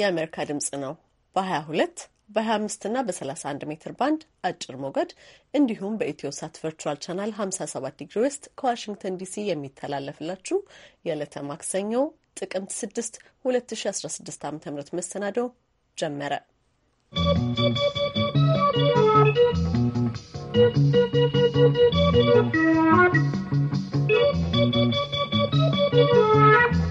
የአሜሪካ ድምጽ ነው። በ22 በ25 እና በ31 ሜትር ባንድ አጭር ሞገድ እንዲሁም በኢትዮ ሳት ቨርቹዋል ቻናል 57 ዲግሪ ውስጥ ከዋሽንግተን ዲሲ የሚተላለፍላችሁ የዕለተ ማክሰኞ ጥቅምት 6 2016 ዓ ም መሰናደው ጀመረ። ¶¶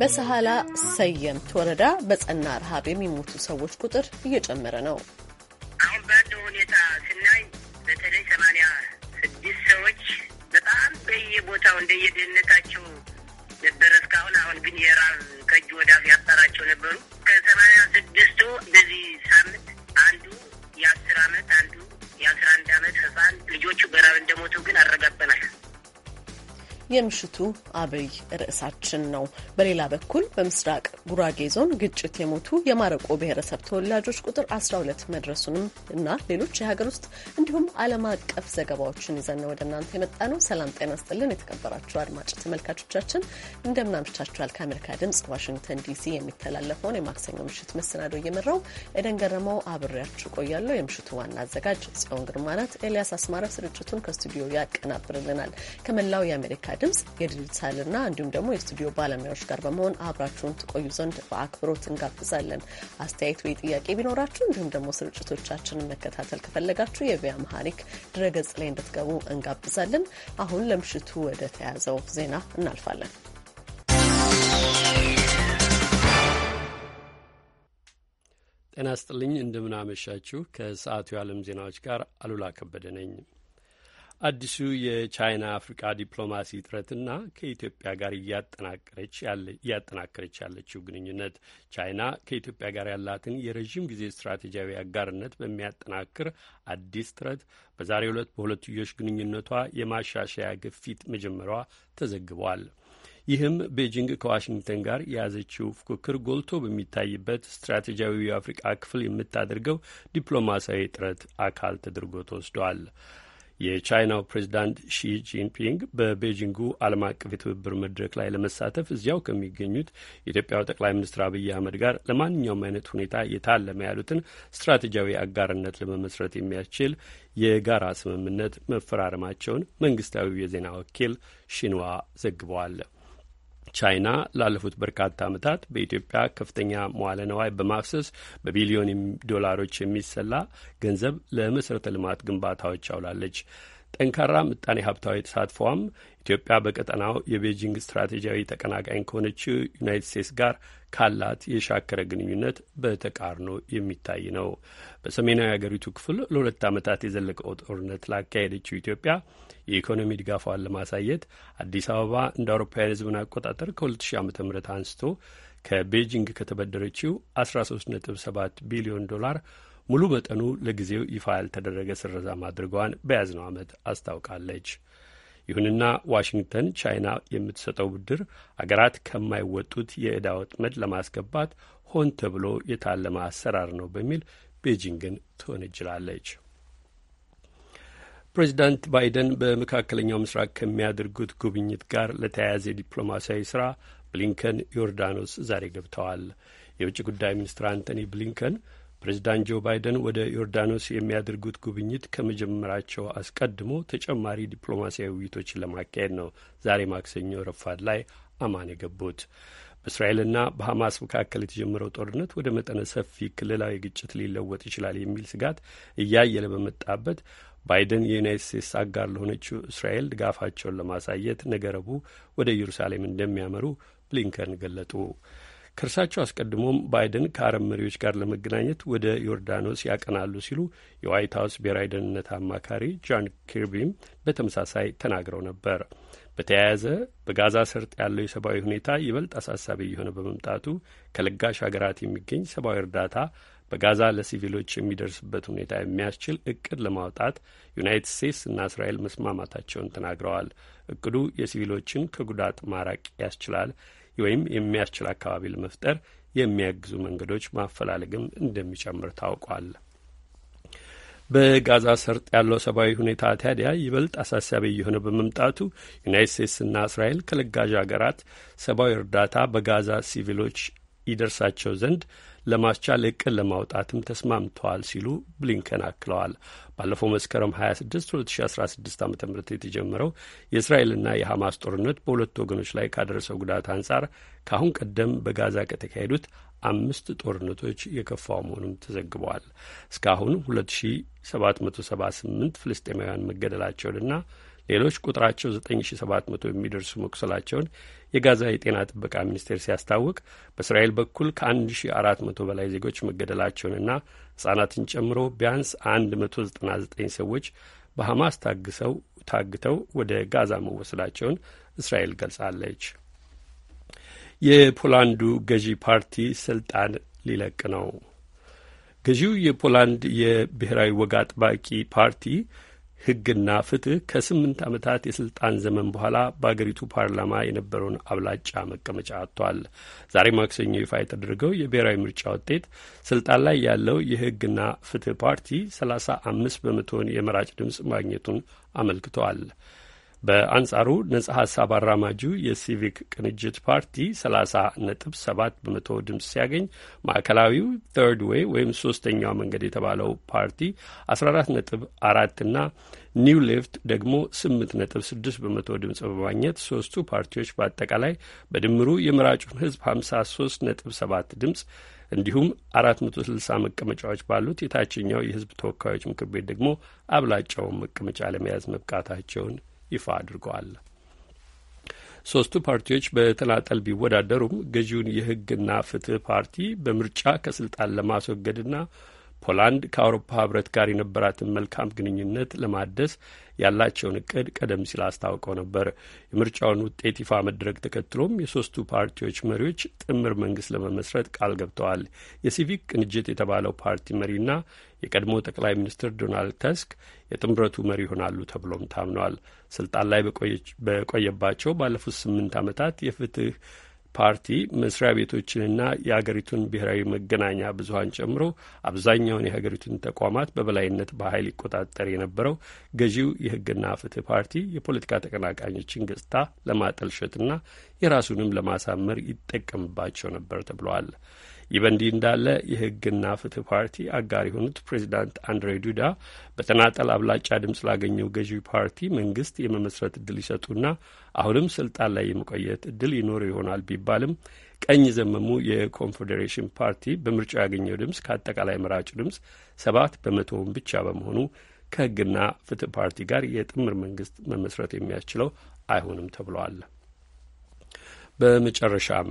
በሰሃላ ሰየምት ወረዳ በጸና ረሃብ የሚሞቱ ሰዎች ቁጥር እየጨመረ ነው። አሁን ባለው ሁኔታ ስናይ በተለይ ሰማንያ ስድስት ሰዎች በጣም በየቦታው እንደየደህንነታቸው ነበረ እስካሁን። አሁን ግን የራብ ከእጅ ወዳፍ ያጠራቸው ነበሩ። ከሰማንያ ስድስቱ በዚህ ሳምንት አንዱ የአስር አመት አንዱ የአስራ አንድ አመት ህፃን ልጆቹ በራብ እንደሞቱ ግን አረጋግጠናል። የምሽቱ አብይ ርዕሳችን ነው። በሌላ በኩል በምስራቅ ጉራጌ ዞን ግጭት የሞቱ የማረቆ ብሔረሰብ ተወላጆች ቁጥር 12 መድረሱንም እና ሌሎች የሀገር ውስጥ እንዲሁም ዓለም አቀፍ ዘገባዎችን ይዘን ወደ እናንተ የመጣ ነው። ሰላም ጤና ስጥልን። የተከበራችሁ አድማጭ ተመልካቾቻችን እንደምናምሽታችኋል። ከአሜሪካ ድምጽ ዋሽንግተን ዲሲ የሚተላለፈውን የማክሰኞ ምሽት መሰናዶ እየመራው ኤደን ገረመው አብሬያችሁ ቆያለሁ። የምሽቱ ዋና አዘጋጅ ጽዮን ግርማ ናት። ኤልያስ አስማረ ስርጭቱን ከስቱዲዮ ያቀናብርልናል። ከመላው የአሜሪካ ድምፅ የድጅታልና እንዲሁም ደግሞ የስቱዲዮ ባለሙያዎች ጋር በመሆን አብራችሁን ትቆዩ ዘንድ በአክብሮት እንጋብዛለን። አስተያየት ወይ ጥያቄ ቢኖራችሁ እንዲሁም ደግሞ ስርጭቶቻችንን መከታተል ከፈለጋችሁ የቪያ መሀሪክ ድረገጽ ላይ እንድትገቡ እንጋብዛለን። አሁን ለምሽቱ ወደ ተያዘው ዜና እናልፋለን። ጤና ስጥልኝ እንደምናመሻችሁ። ከሰዓቱ የዓለም ዜናዎች ጋር አሉላ ከበደ ነኝ። አዲሱ የቻይና አፍሪካ ዲፕሎማሲ ጥረትና ከኢትዮጵያ ጋር እያጠናከረች ያለችው ግንኙነት ቻይና ከኢትዮጵያ ጋር ያላትን የረዥም ጊዜ ስትራቴጂያዊ አጋርነት በሚያጠናክር አዲስ ጥረት በዛሬው ዕለት በሁለትዮሽ ግንኙነቷ የማሻሻያ ግፊት መጀመሯ ተዘግቧል። ይህም ቤጂንግ ከዋሽንግተን ጋር የያዘችው ፉክክር ጎልቶ በሚታይበት ስትራቴጂያዊ የአፍሪቃ ክፍል የምታደርገው ዲፕሎማሲያዊ ጥረት አካል ተደርጎ ተወስዷል። የቻይናው ፕሬዚዳንት ሺ ጂንፒንግ በቤጂንጉ ዓለም አቀፍ የትብብር መድረክ ላይ ለመሳተፍ እዚያው ከሚገኙት የኢትዮጵያው ጠቅላይ ሚኒስትር አብይ አህመድ ጋር ለማንኛውም አይነት ሁኔታ የታለመ ያሉትን ስትራቴጂያዊ አጋርነት ለመመስረት የሚያስችል የጋራ ስምምነት መፈራረማቸውን መንግስታዊው የዜና ወኪል ሺንዋ ዘግበዋል። ቻይና ላለፉት በርካታ ዓመታት በኢትዮጵያ ከፍተኛ መዋለ ነዋይ በማፍሰስ በቢሊዮን ዶላሮች የሚሰላ ገንዘብ ለመሠረተ ልማት ግንባታዎች አውላለች። ጠንካራ ምጣኔ ሀብታዊ ተሳትፏም ኢትዮጵያ በቀጠናው የቤጂንግ ስትራቴጂያዊ ተቀናቃኝ ከሆነችው ዩናይትድ ስቴትስ ጋር ካላት የሻከረ ግንኙነት በተቃርኖ የሚታይ ነው። በሰሜናዊ አገሪቱ ክፍል ለሁለት ዓመታት የዘለቀው ጦርነት ላካሄደችው ኢትዮጵያ የኢኮኖሚ ድጋፏን ለማሳየት አዲስ አበባ እንደ አውሮፓውያን ህዝብን አቆጣጠር ከ2000 ዓ ም አንስቶ ከቤጂንግ ከተበደረችው 13.7 ቢሊዮን ዶላር ሙሉ መጠኑ ለጊዜው ይፋ ያልተደረገ ስረዛ ማድረጓን በያዝነው ዓመት አስታውቃለች። ይሁንና ዋሽንግተን ቻይና የምትሰጠው ብድር አገራት ከማይወጡት የዕዳ ወጥመድ ለማስገባት ሆን ተብሎ የታለመ አሰራር ነው በሚል ቤጂንግን ትወነጅላለች። ፕሬዚዳንት ባይደን በመካከለኛው ምስራቅ ከሚያደርጉት ጉብኝት ጋር ለተያያዘ ዲፕሎማሲያዊ ስራ ብሊንከን ዮርዳኖስ ዛሬ ገብተዋል። የውጭ ጉዳይ ሚኒስትር አንቶኒ ብሊንከን ፕሬዚዳንት ጆ ባይደን ወደ ዮርዳኖስ የሚያደርጉት ጉብኝት ከመጀመራቸው አስቀድሞ ተጨማሪ ዲፕሎማሲያዊ ውይይቶችን ለማካሄድ ነው ዛሬ ማክሰኞ ረፋድ ላይ አማን የገቡት። በእስራኤልና በሐማስ መካከል የተጀመረው ጦርነት ወደ መጠነ ሰፊ ክልላዊ ግጭት ሊለወጥ ይችላል የሚል ስጋት እያየለ በመጣበት ባይደን የዩናይት ስቴትስ አጋር ለሆነችው እስራኤል ድጋፋቸውን ለማሳየት ነገ ረቡዕ ወደ ኢየሩሳሌም እንደሚያመሩ ብሊንከን ገለጡ። ከእርሳቸው አስቀድሞም ባይደን ከአረብ መሪዎች ጋር ለመገናኘት ወደ ዮርዳኖስ ያቀናሉ ሲሉ የዋይት ሀውስ ብሔራዊ ደህንነት አማካሪ ጃን ኪርቢም በተመሳሳይ ተናግረው ነበር። በተያያዘ በጋዛ ሰርጥ ያለው የሰብአዊ ሁኔታ ይበልጥ አሳሳቢ እየሆነ በመምጣቱ ከለጋሽ ሀገራት የሚገኝ ሰብአዊ እርዳታ በጋዛ ለሲቪሎች የሚደርስበት ሁኔታ የሚያስችል እቅድ ለማውጣት ዩናይትድ ስቴትስ እና እስራኤል መስማማታቸውን ተናግረዋል። እቅዱ የሲቪሎችን ከጉዳት ማራቅ ያስችላል ወይም የሚያስችል አካባቢ ለመፍጠር የሚያግዙ መንገዶች ማፈላለግም እንደሚጨምር ታውቋል። በጋዛ ሰርጥ ያለው ሰብአዊ ሁኔታ ታዲያ ይበልጥ አሳሳቢ እየሆነ በመምጣቱ ዩናይት ስቴትስና እስራኤል ከለጋሽ ሀገራት ሰብአዊ እርዳታ በጋዛ ሲቪሎች ይደርሳቸው ዘንድ ለማስቻል እቅድ ለማውጣትም ተስማምተዋል ሲሉ ብሊንከን አክለዋል። ባለፈው መስከረም 26 2016 ዓ ም የተጀመረው የእስራኤልና የሐማስ ጦርነት በሁለቱ ወገኖች ላይ ካደረሰው ጉዳት አንጻር ከአሁን ቀደም በጋዛ ከተካሄዱት አምስት ጦርነቶች የከፋው መሆኑም ተዘግበዋል። እስካሁን 2778 ፍልስጤማውያን መገደላቸውንና ሌሎች ቁጥራቸው 9700 የሚደርሱ መቁሰላቸውን የጋዛ የጤና ጥበቃ ሚኒስቴር ሲያስታውቅ በእስራኤል በኩል ከ1400 በላይ ዜጎች መገደላቸውንና ሕጻናትን ጨምሮ ቢያንስ 199 ሰዎች በሐማስ ታግሰው ታግተው ወደ ጋዛ መወሰዳቸውን እስራኤል ገልጻለች። የፖላንዱ ገዢ ፓርቲ ስልጣን ሊለቅ ነው። ገዢው የፖላንድ የብሔራዊ ወግ አጥባቂ ፓርቲ ሕግና ፍትህ ከስምንት ዓመታት የስልጣን ዘመን በኋላ በአገሪቱ ፓርላማ የነበረውን አብላጫ መቀመጫ አጥቷል። ዛሬ ማክሰኞ ይፋ የተደረገው የብሔራዊ ምርጫ ውጤት ስልጣን ላይ ያለው የሕግና ፍትህ ፓርቲ ሰላሳ አምስት በመቶውን የመራጭ ድምፅ ማግኘቱን አመልክተዋል። በአንጻሩ ነጻ ሀሳብ አራማጁ የሲቪክ ቅንጅት ፓርቲ 30.7 በመቶ ድምፅ ሲያገኝ ማዕከላዊው ተርድ ዌይ ወይም ሶስተኛው መንገድ የተባለው ፓርቲ 14.4 እና ኒው ሌፍት ደግሞ 8.6 በመቶ ድምፅ በማግኘት ሶስቱ ፓርቲዎች በአጠቃላይ በድምሩ የምራጩን ህዝብ 53.7 ድምፅ እንዲሁም 460 መቀመጫዎች ባሉት የታችኛው የህዝብ ተወካዮች ምክር ቤት ደግሞ አብላጫውን መቀመጫ ለመያዝ መብቃታቸውን ይፋ አድርገዋል። ሶስቱ ፓርቲዎች በተናጠል ቢወዳደሩም ገዢውን የህግና ፍትህ ፓርቲ በምርጫ ከስልጣን ለማስወገድና ፖላንድ ከአውሮፓ ህብረት ጋር የነበራትን መልካም ግንኙነት ለማደስ ያላቸውን እቅድ ቀደም ሲል አስታውቀው ነበር። የምርጫውን ውጤት ይፋ መድረግ ተከትሎም የሶስቱ ፓርቲዎች መሪዎች ጥምር መንግስት ለመመስረት ቃል ገብተዋል። የሲቪክ ቅንጅት የተባለው ፓርቲ መሪና የቀድሞ ጠቅላይ ሚኒስትር ዶናልድ ተስክ የጥምረቱ መሪ ይሆናሉ ተብሎም ታምኗል። ስልጣን ላይ በቆየባቸው ባለፉት ስምንት ዓመታት የፍትህ ፓርቲ መስሪያ ቤቶችንና የሀገሪቱን ብሔራዊ መገናኛ ብዙሀን ጨምሮ አብዛኛውን የሀገሪቱን ተቋማት በበላይነት በኃይል ይቆጣጠር የነበረው ገዢው የህግና ፍትህ ፓርቲ የፖለቲካ ተቀናቃኞችን ገጽታ ለማጠልሸትና የራሱንም ለማሳመር ይጠቀምባቸው ነበር ተብለዋል። ይህ በእንዲህ እንዳለ የህግና ፍትህ ፓርቲ አጋር የሆኑት ፕሬዚዳንት አንድሬ ዱዳ በተናጠል አብላጫ ድምፅ ላገኘው ገዢ ፓርቲ መንግስት የመመስረት እድል ይሰጡና አሁንም ስልጣን ላይ የመቆየት እድል ይኖር ይሆናል ቢባልም ቀኝ ዘመሙ የኮንፌዴሬሽን ፓርቲ በምርጫው ያገኘው ድምፅ ከአጠቃላይ መራጩ ድምፅ ሰባት በመቶውን ብቻ በመሆኑ ከህግና ፍትህ ፓርቲ ጋር የጥምር መንግስት መመስረት የሚያስችለው አይሆንም ተብሏል። በመጨረሻም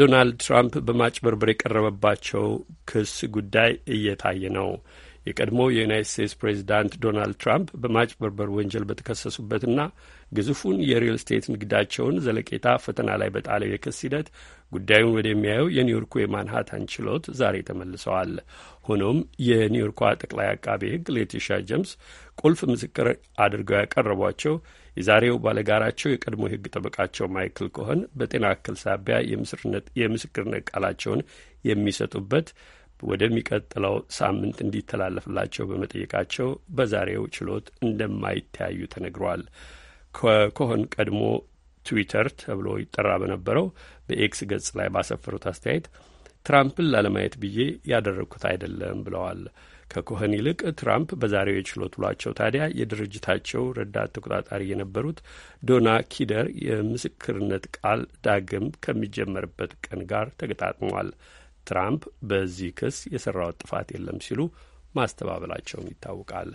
ዶናልድ ትራምፕ በማጭበርበር የቀረበባቸው ክስ ጉዳይ እየታየ ነው። የቀድሞ የዩናይት ስቴትስ ፕሬዚዳንት ዶናልድ ትራምፕ በማጭበርበር ወንጀል በተከሰሱበትና ግዙፉን የሪል ስቴት ንግዳቸውን ዘለቄታ ፈተና ላይ በጣለው የክስ ሂደት ጉዳዩን ወደሚያየው የኒውዮርኩ የማንሃታን ችሎት ዛሬ ተመልሰዋል። ሆኖም የኒውዮርኳ ጠቅላይ አቃቤ ሕግ ሌቲሻ ጀምስ ቁልፍ ምስክር አድርገው ያቀረቧቸው የዛሬው ባለጋራቸው የቀድሞ የህግ ጠበቃቸው ማይክል ኮሆን በጤና እክል ሳቢያ የምስክርነት ቃላቸውን የሚሰጡበት ወደሚቀጥለው ሳምንት እንዲተላለፍላቸው በመጠየቃቸው በዛሬው ችሎት እንደማይተያዩ ተነግሯል። ከኮሆን ቀድሞ ትዊተር ተብሎ ይጠራ በነበረው በኤክስ ገጽ ላይ ባሰፈሩት አስተያየት ትራምፕን ላለማየት ብዬ ያደረግኩት አይደለም ብለዋል። ከኮኸን ይልቅ ትራምፕ በዛሬው የችሎት ውሏቸው ታዲያ የድርጅታቸው ረዳት ተቆጣጣሪ የነበሩት ዶና ኪደር የምስክርነት ቃል ዳግም ከሚጀመርበት ቀን ጋር ተገጣጥመዋል። ትራምፕ በዚህ ክስ የሰራው ጥፋት የለም ሲሉ ማስተባበላቸውም ይታወቃል።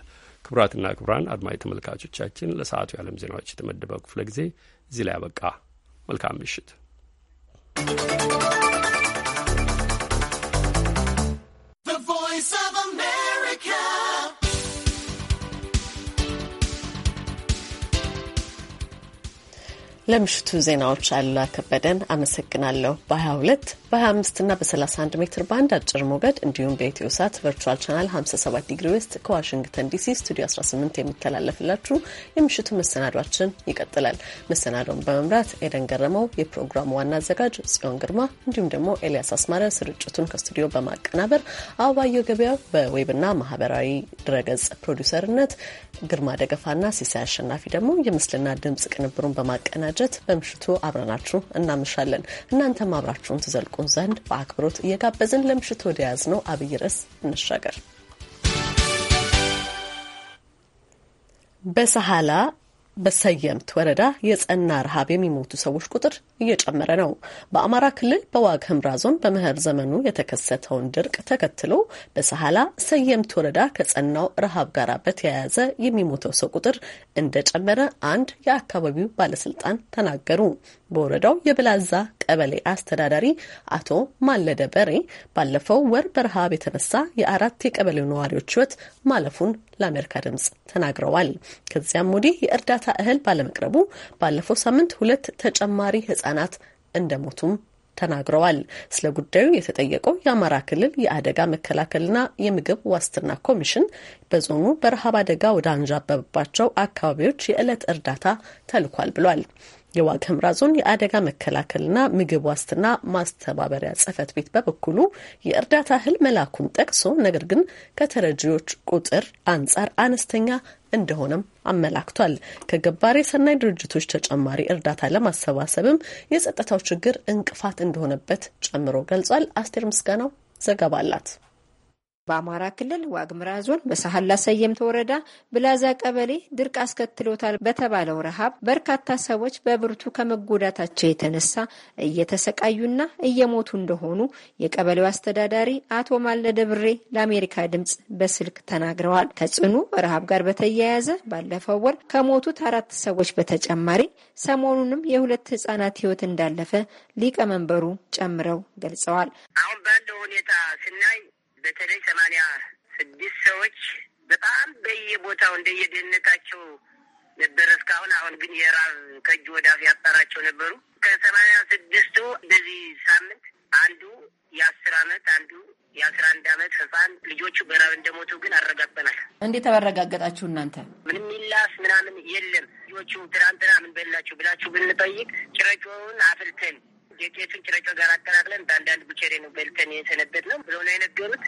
ክቡራትና ክቡራን አድማጭ ተመልካቾቻችን ለሰዓቱ የዓለም ዜናዎች የተመደበው ክፍለ ጊዜ እዚህ ላይ አበቃ። መልካም ምሽት። ለምሽቱ ዜናዎች አሉላ ከበደን አመሰግናለሁ። በ22 በ25 እና በ31 ሜትር ባንድ አጭር ሞገድ እንዲሁም በኢትዮ ሳት ቨርቹዋል ቻናል 57 ዲግሪ ዌስት ከዋሽንግተን ዲሲ ስቱዲዮ 18 የሚተላለፍላችሁ የምሽቱ መሰናዷችን ይቀጥላል። መሰናዶን በመምራት ኤደን ገረመው፣ የፕሮግራሙ ዋና አዘጋጅ ጽዮን ግርማ እንዲሁም ደግሞ ኤልያስ አስማረ ስርጭቱን ከስቱዲዮ በማቀናበር አበባየሁ ገበያው በዌብና ማህበራዊ ድረገጽ ፕሮዲውሰርነት ግርማ ደገፋና ሲሳይ አሸናፊ ደግሞ የምስልና ድምጽ ቅንብሩን በማቀናል በማቀናጀት በምሽቱ አብረናችሁ እናመሻለን። እናንተም አብራችሁን ትዘልቁን ዘንድ በአክብሮት እየጋበዝን ለምሽቱ ወደ ነው አብይ ርዕስ እንሻገር። በሰሃላ በሰየምት ወረዳ የጸና ረሃብ የሚሞቱ ሰዎች ቁጥር እየጨመረ ነው። በአማራ ክልል በዋግ ህምራ ዞን በመኸር ዘመኑ የተከሰተውን ድርቅ ተከትሎ በሰሃላ ሰየምት ወረዳ ከጸናው ረሃብ ጋር በተያያዘ የሚሞተው ሰው ቁጥር እንደጨመረ አንድ የአካባቢው ባለስልጣን ተናገሩ። በወረዳው የብላዛ ቀበሌ አስተዳዳሪ አቶ ማለደ በሬ ባለፈው ወር በረሃብ የተነሳ የአራት የቀበሌው ነዋሪዎች ሕይወት ማለፉን ለአሜሪካ ድምጽ ተናግረዋል። ከዚያም ወዲህ የእርዳታ እህል ባለመቅረቡ ባለፈው ሳምንት ሁለት ተጨማሪ ህጻናት እንደሞቱም ተናግረዋል። ስለ ጉዳዩ የተጠየቀው የአማራ ክልል የአደጋ መከላከልና የምግብ ዋስትና ኮሚሽን በዞኑ በረሃብ አደጋ ወደ አንዣበባቸው አካባቢዎች የዕለት እርዳታ ተልኳል ብሏል። የዋግ ህምራ ዞን የአደጋ መከላከልና ምግብ ዋስትና ማስተባበሪያ ጽህፈት ቤት በበኩሉ የእርዳታ እህል መላኩን ጠቅሶ ነገር ግን ከተረጂዎች ቁጥር አንጻር አነስተኛ እንደሆነም አመላክቷል። ከገባሪ ሰናይ ድርጅቶች ተጨማሪ እርዳታ ለማሰባሰብም የጸጥታው ችግር እንቅፋት እንደሆነበት ጨምሮ ገልጿል። አስቴር ምስጋናው ዘገባ አላት። በአማራ ክልል ዋግምራ ዞን በሳህላ ሰየምት ወረዳ ብላዛ ቀበሌ ድርቅ አስከትሎታል በተባለው ረሃብ በርካታ ሰዎች በብርቱ ከመጎዳታቸው የተነሳ እየተሰቃዩና እየሞቱ እንደሆኑ የቀበሌው አስተዳዳሪ አቶ ማለደ ብሬ ለአሜሪካ ድምፅ በስልክ ተናግረዋል። ከጽኑ ረሃብ ጋር በተያያዘ ባለፈው ወር ከሞቱት አራት ሰዎች በተጨማሪ ሰሞኑንም የሁለት ህጻናት ህይወት እንዳለፈ ሊቀመንበሩ ጨምረው ገልጸዋል። አሁን ባለው ሁኔታ ስናይ በተለይ ሰማንያ ስድስት ሰዎች በጣም በየቦታው እንደየደህንነታቸው ነበረ እስካሁን። አሁን ግን የራብ ከእጅ ወዳፍ ያጠራቸው ነበሩ። ከሰማንያ ስድስቱ በዚህ ሳምንት አንዱ የአስር አመት አንዱ የአስራ አንድ አመት ህፃን ልጆቹ በራብ እንደሞቱ ግን አረጋግጠናል። እንዴት አረጋገጣችሁ እናንተ? ምንም ሚላስ ምናምን የለም። ልጆቹ ትናንትና ምን በላችሁ ብላችሁ ብንጠይቅ ጭረጮውን አፍልተን ዱቄቱን ጭረጮ ጋር አጠራቅለን በአንዳንድ ቡቸሬ ነው በልተን የሰነበት ነው ብሎ ነው የነገሩት።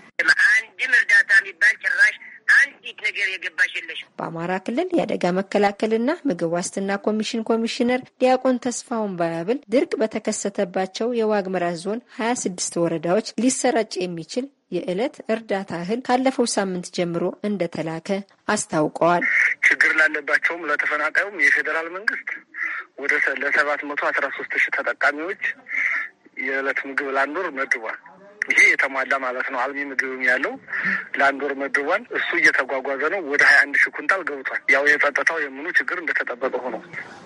አንድም እርዳታ የሚባል ጭራሽ አንዲት ነገር የገባሽ የለሽም። በአማራ ክልል የአደጋ መከላከልና ምግብ ዋስትና ኮሚሽን ኮሚሽነር ዲያቆን ተስፋውን ባያብል ድርቅ በተከሰተባቸው የዋግ የዋግምራ ዞን ሀያ ስድስት ወረዳዎች ሊሰራጭ የሚችል የዕለት እርዳታ እህል ካለፈው ሳምንት ጀምሮ እንደተላከ አስታውቀዋል። ችግር ላለባቸውም ለተፈናቃዩም የፌዴራል መንግስት ወደ ለሰባት መቶ አስራ ሶስት ሺህ ተጠቃሚዎች የዕለት ምግብ ለአንድ ወር መድቧል። ይሄ የተሟላ ማለት ነው። አልሚ ምግብም ያለው ለአንድ ወር መድቧል። እሱ እየተጓጓዘ ነው። ወደ ሀያ አንድ ሺህ ኩንታል ገብቷል። ያው የጸጥታው የምኑ ችግር እንደተጠበቀ ሆኖ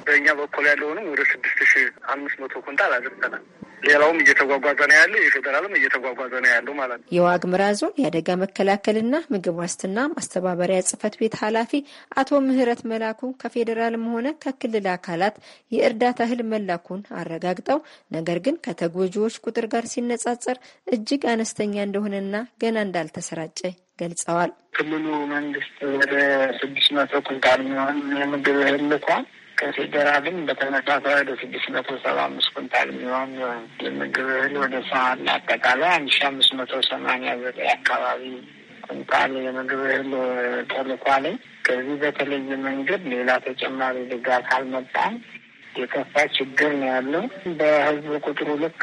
በእኛ በኩል ያለውንም ወደ ስድስት ሺህ አምስት መቶ ኩንታል አድርሰናል። ሌላውም እየተጓጓዘ ነው ያለ፣ የፌዴራልም እየተጓጓዘ ነው ያለው ማለት ነው። የዋግምራ ዞን የአደጋ መከላከልና ምግብ ዋስትና ማስተባበሪያ ጽህፈት ቤት ኃላፊ አቶ ምህረት መላኩ ከፌዴራልም ሆነ ከክልል አካላት የእርዳታ እህል መላኩን አረጋግጠው ነገር ግን ከተጎጂዎች ቁጥር ጋር ሲነጻጸር እጅግ አነስተኛ እንደሆነና ገና እንዳልተሰራጨ ገልጸዋል። ክልሉ መንግስት ወደ ስድስት መቶ ኩንታል የሚሆን የምግብ እህል ልኳል። ከፌዴራልም በተመሳሳይ ወደ ስድስት መቶ ሰባ አምስት ኩንታል የሚሆን የምግብ እህል ወደ ሳህን አጠቃላይ አንድ ሺ አምስት መቶ ሰማኒያ ዘጠኝ አካባቢ ኩንታል የምግብ እህል ተልኳል። ከዚህ በተለየ መንገድ ሌላ ተጨማሪ ድጋፍ አልመጣም። የከፋ ችግር ነው ያለው። በህዝብ ቁጥሩ ልክ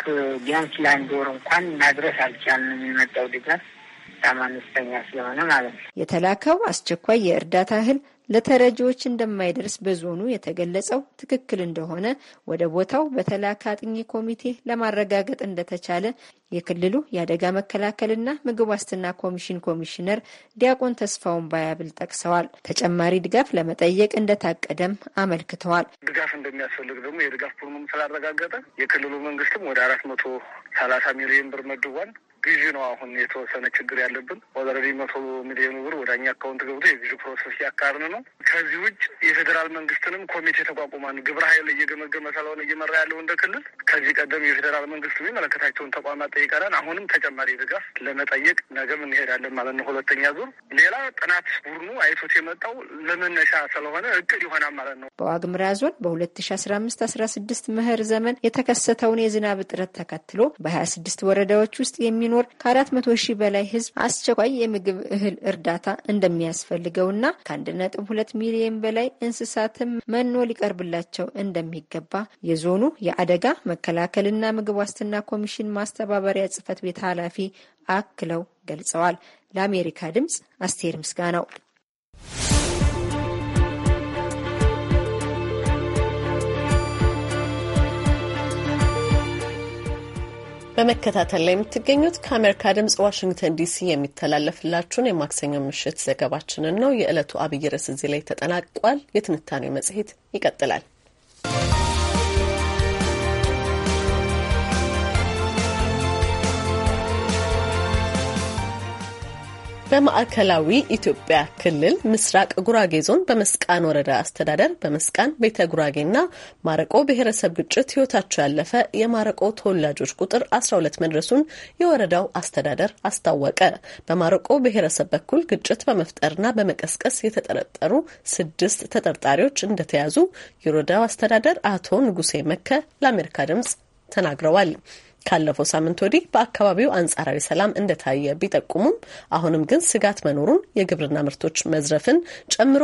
ቢያንስ ለአንድ ወር እንኳን ማድረስ አልቻልንም። የመጣው ድጋፍ በጣም አነስተኛ ስለሆነ ማለት ነው። የተላከው አስቸኳይ የእርዳታ እህል ለተረጂዎች እንደማይደርስ በዞኑ የተገለጸው ትክክል እንደሆነ ወደ ቦታው በተላከ አጥኚ ኮሚቴ ለማረጋገጥ እንደተቻለ የክልሉ የአደጋ መከላከልና ምግብ ዋስትና ኮሚሽን ኮሚሽነር ዲያቆን ተስፋውን ባያብል ጠቅሰዋል። ተጨማሪ ድጋፍ ለመጠየቅ እንደታቀደም አመልክተዋል። ድጋፍ እንደሚያስፈልግ ደግሞ የድጋፍ ቡድኑም ስላረጋገጠ የክልሉ መንግስትም ወደ አራት መቶ ሰላሳ ሚሊዮን ብር መድቧል። ግዢ ነው አሁን የተወሰነ ችግር ያለብን። ኦልሬዲ መቶ ሚሊዮን ብር ወደ እኛ አካውንት ገብቶ የግዢ ፕሮሰስ እያካርን ነው። ከዚህ ውጭ የፌዴራል መንግስትንም ኮሚቴ ተቋቁማን ግብረ ኃይል እየገመገመ ስለሆነ እየመራ ያለው እንደ ክልል ከዚህ ቀደም የፌዴራል መንግስት የሚመለከታቸውን ተቋማት እናንተ አሁንም ተጨማሪ ድጋፍ ለመጠየቅ ነገም እንሄዳለን ማለት ነው። ሁለተኛ ዙር ሌላ ጥናት ቡድኑ አይቶት የመጣው ለመነሻ ስለሆነ እቅድ ይሆናል ማለት ነው። በዋግምራ ዞን በ2015 16 መኸር ዘመን የተከሰተውን የዝናብ እጥረት ተከትሎ በ26 ወረዳዎች ውስጥ የሚኖር ከ400 ሺህ በላይ ህዝብ አስቸኳይ የምግብ እህል እርዳታ እንደሚያስፈልገውና ከ1.2 ሚሊዮን በላይ እንስሳትም መኖ ሊቀርብላቸው እንደሚገባ የዞኑ የአደጋ መከላከልና ምግብ ዋስትና ኮሚሽን ማስተባበ ማህበሪያ ጽህፈት ቤት ኃላፊ አክለው ገልጸዋል። ለአሜሪካ ድምጽ አስቴር ነው። በመከታተል ላይ የምትገኙት ከአሜሪካ ድምጽ ዋሽንግተን ዲሲ የሚተላለፍላችሁን የማክሰኞ ምሽት ዘገባችንን ነው። የዕለቱ አብይ ርዕስ እዚህ ላይ ተጠናቋል። የትንታኔው መጽሔት ይቀጥላል። በማዕከላዊ ኢትዮጵያ ክልል ምስራቅ ጉራጌ ዞን በመስቃን ወረዳ አስተዳደር በመስቃን ቤተ ጉራጌና ማረቆ ብሔረሰብ ግጭት ህይወታቸው ያለፈ የማረቆ ተወላጆች ቁጥር 12 መድረሱን የወረዳው አስተዳደር አስታወቀ። በማረቆ ብሔረሰብ በኩል ግጭት በመፍጠርና በመቀስቀስ የተጠረጠሩ ስድስት ተጠርጣሪዎች እንደተያዙ የወረዳው አስተዳደር አቶ ንጉሴ መከ ለአሜሪካ ድምጽ ተናግረዋል። ካለፈው ሳምንት ወዲህ በአካባቢው አንጻራዊ ሰላም እንደታየ ቢጠቁሙም አሁንም ግን ስጋት መኖሩን የግብርና ምርቶች መዝረፍን ጨምሮ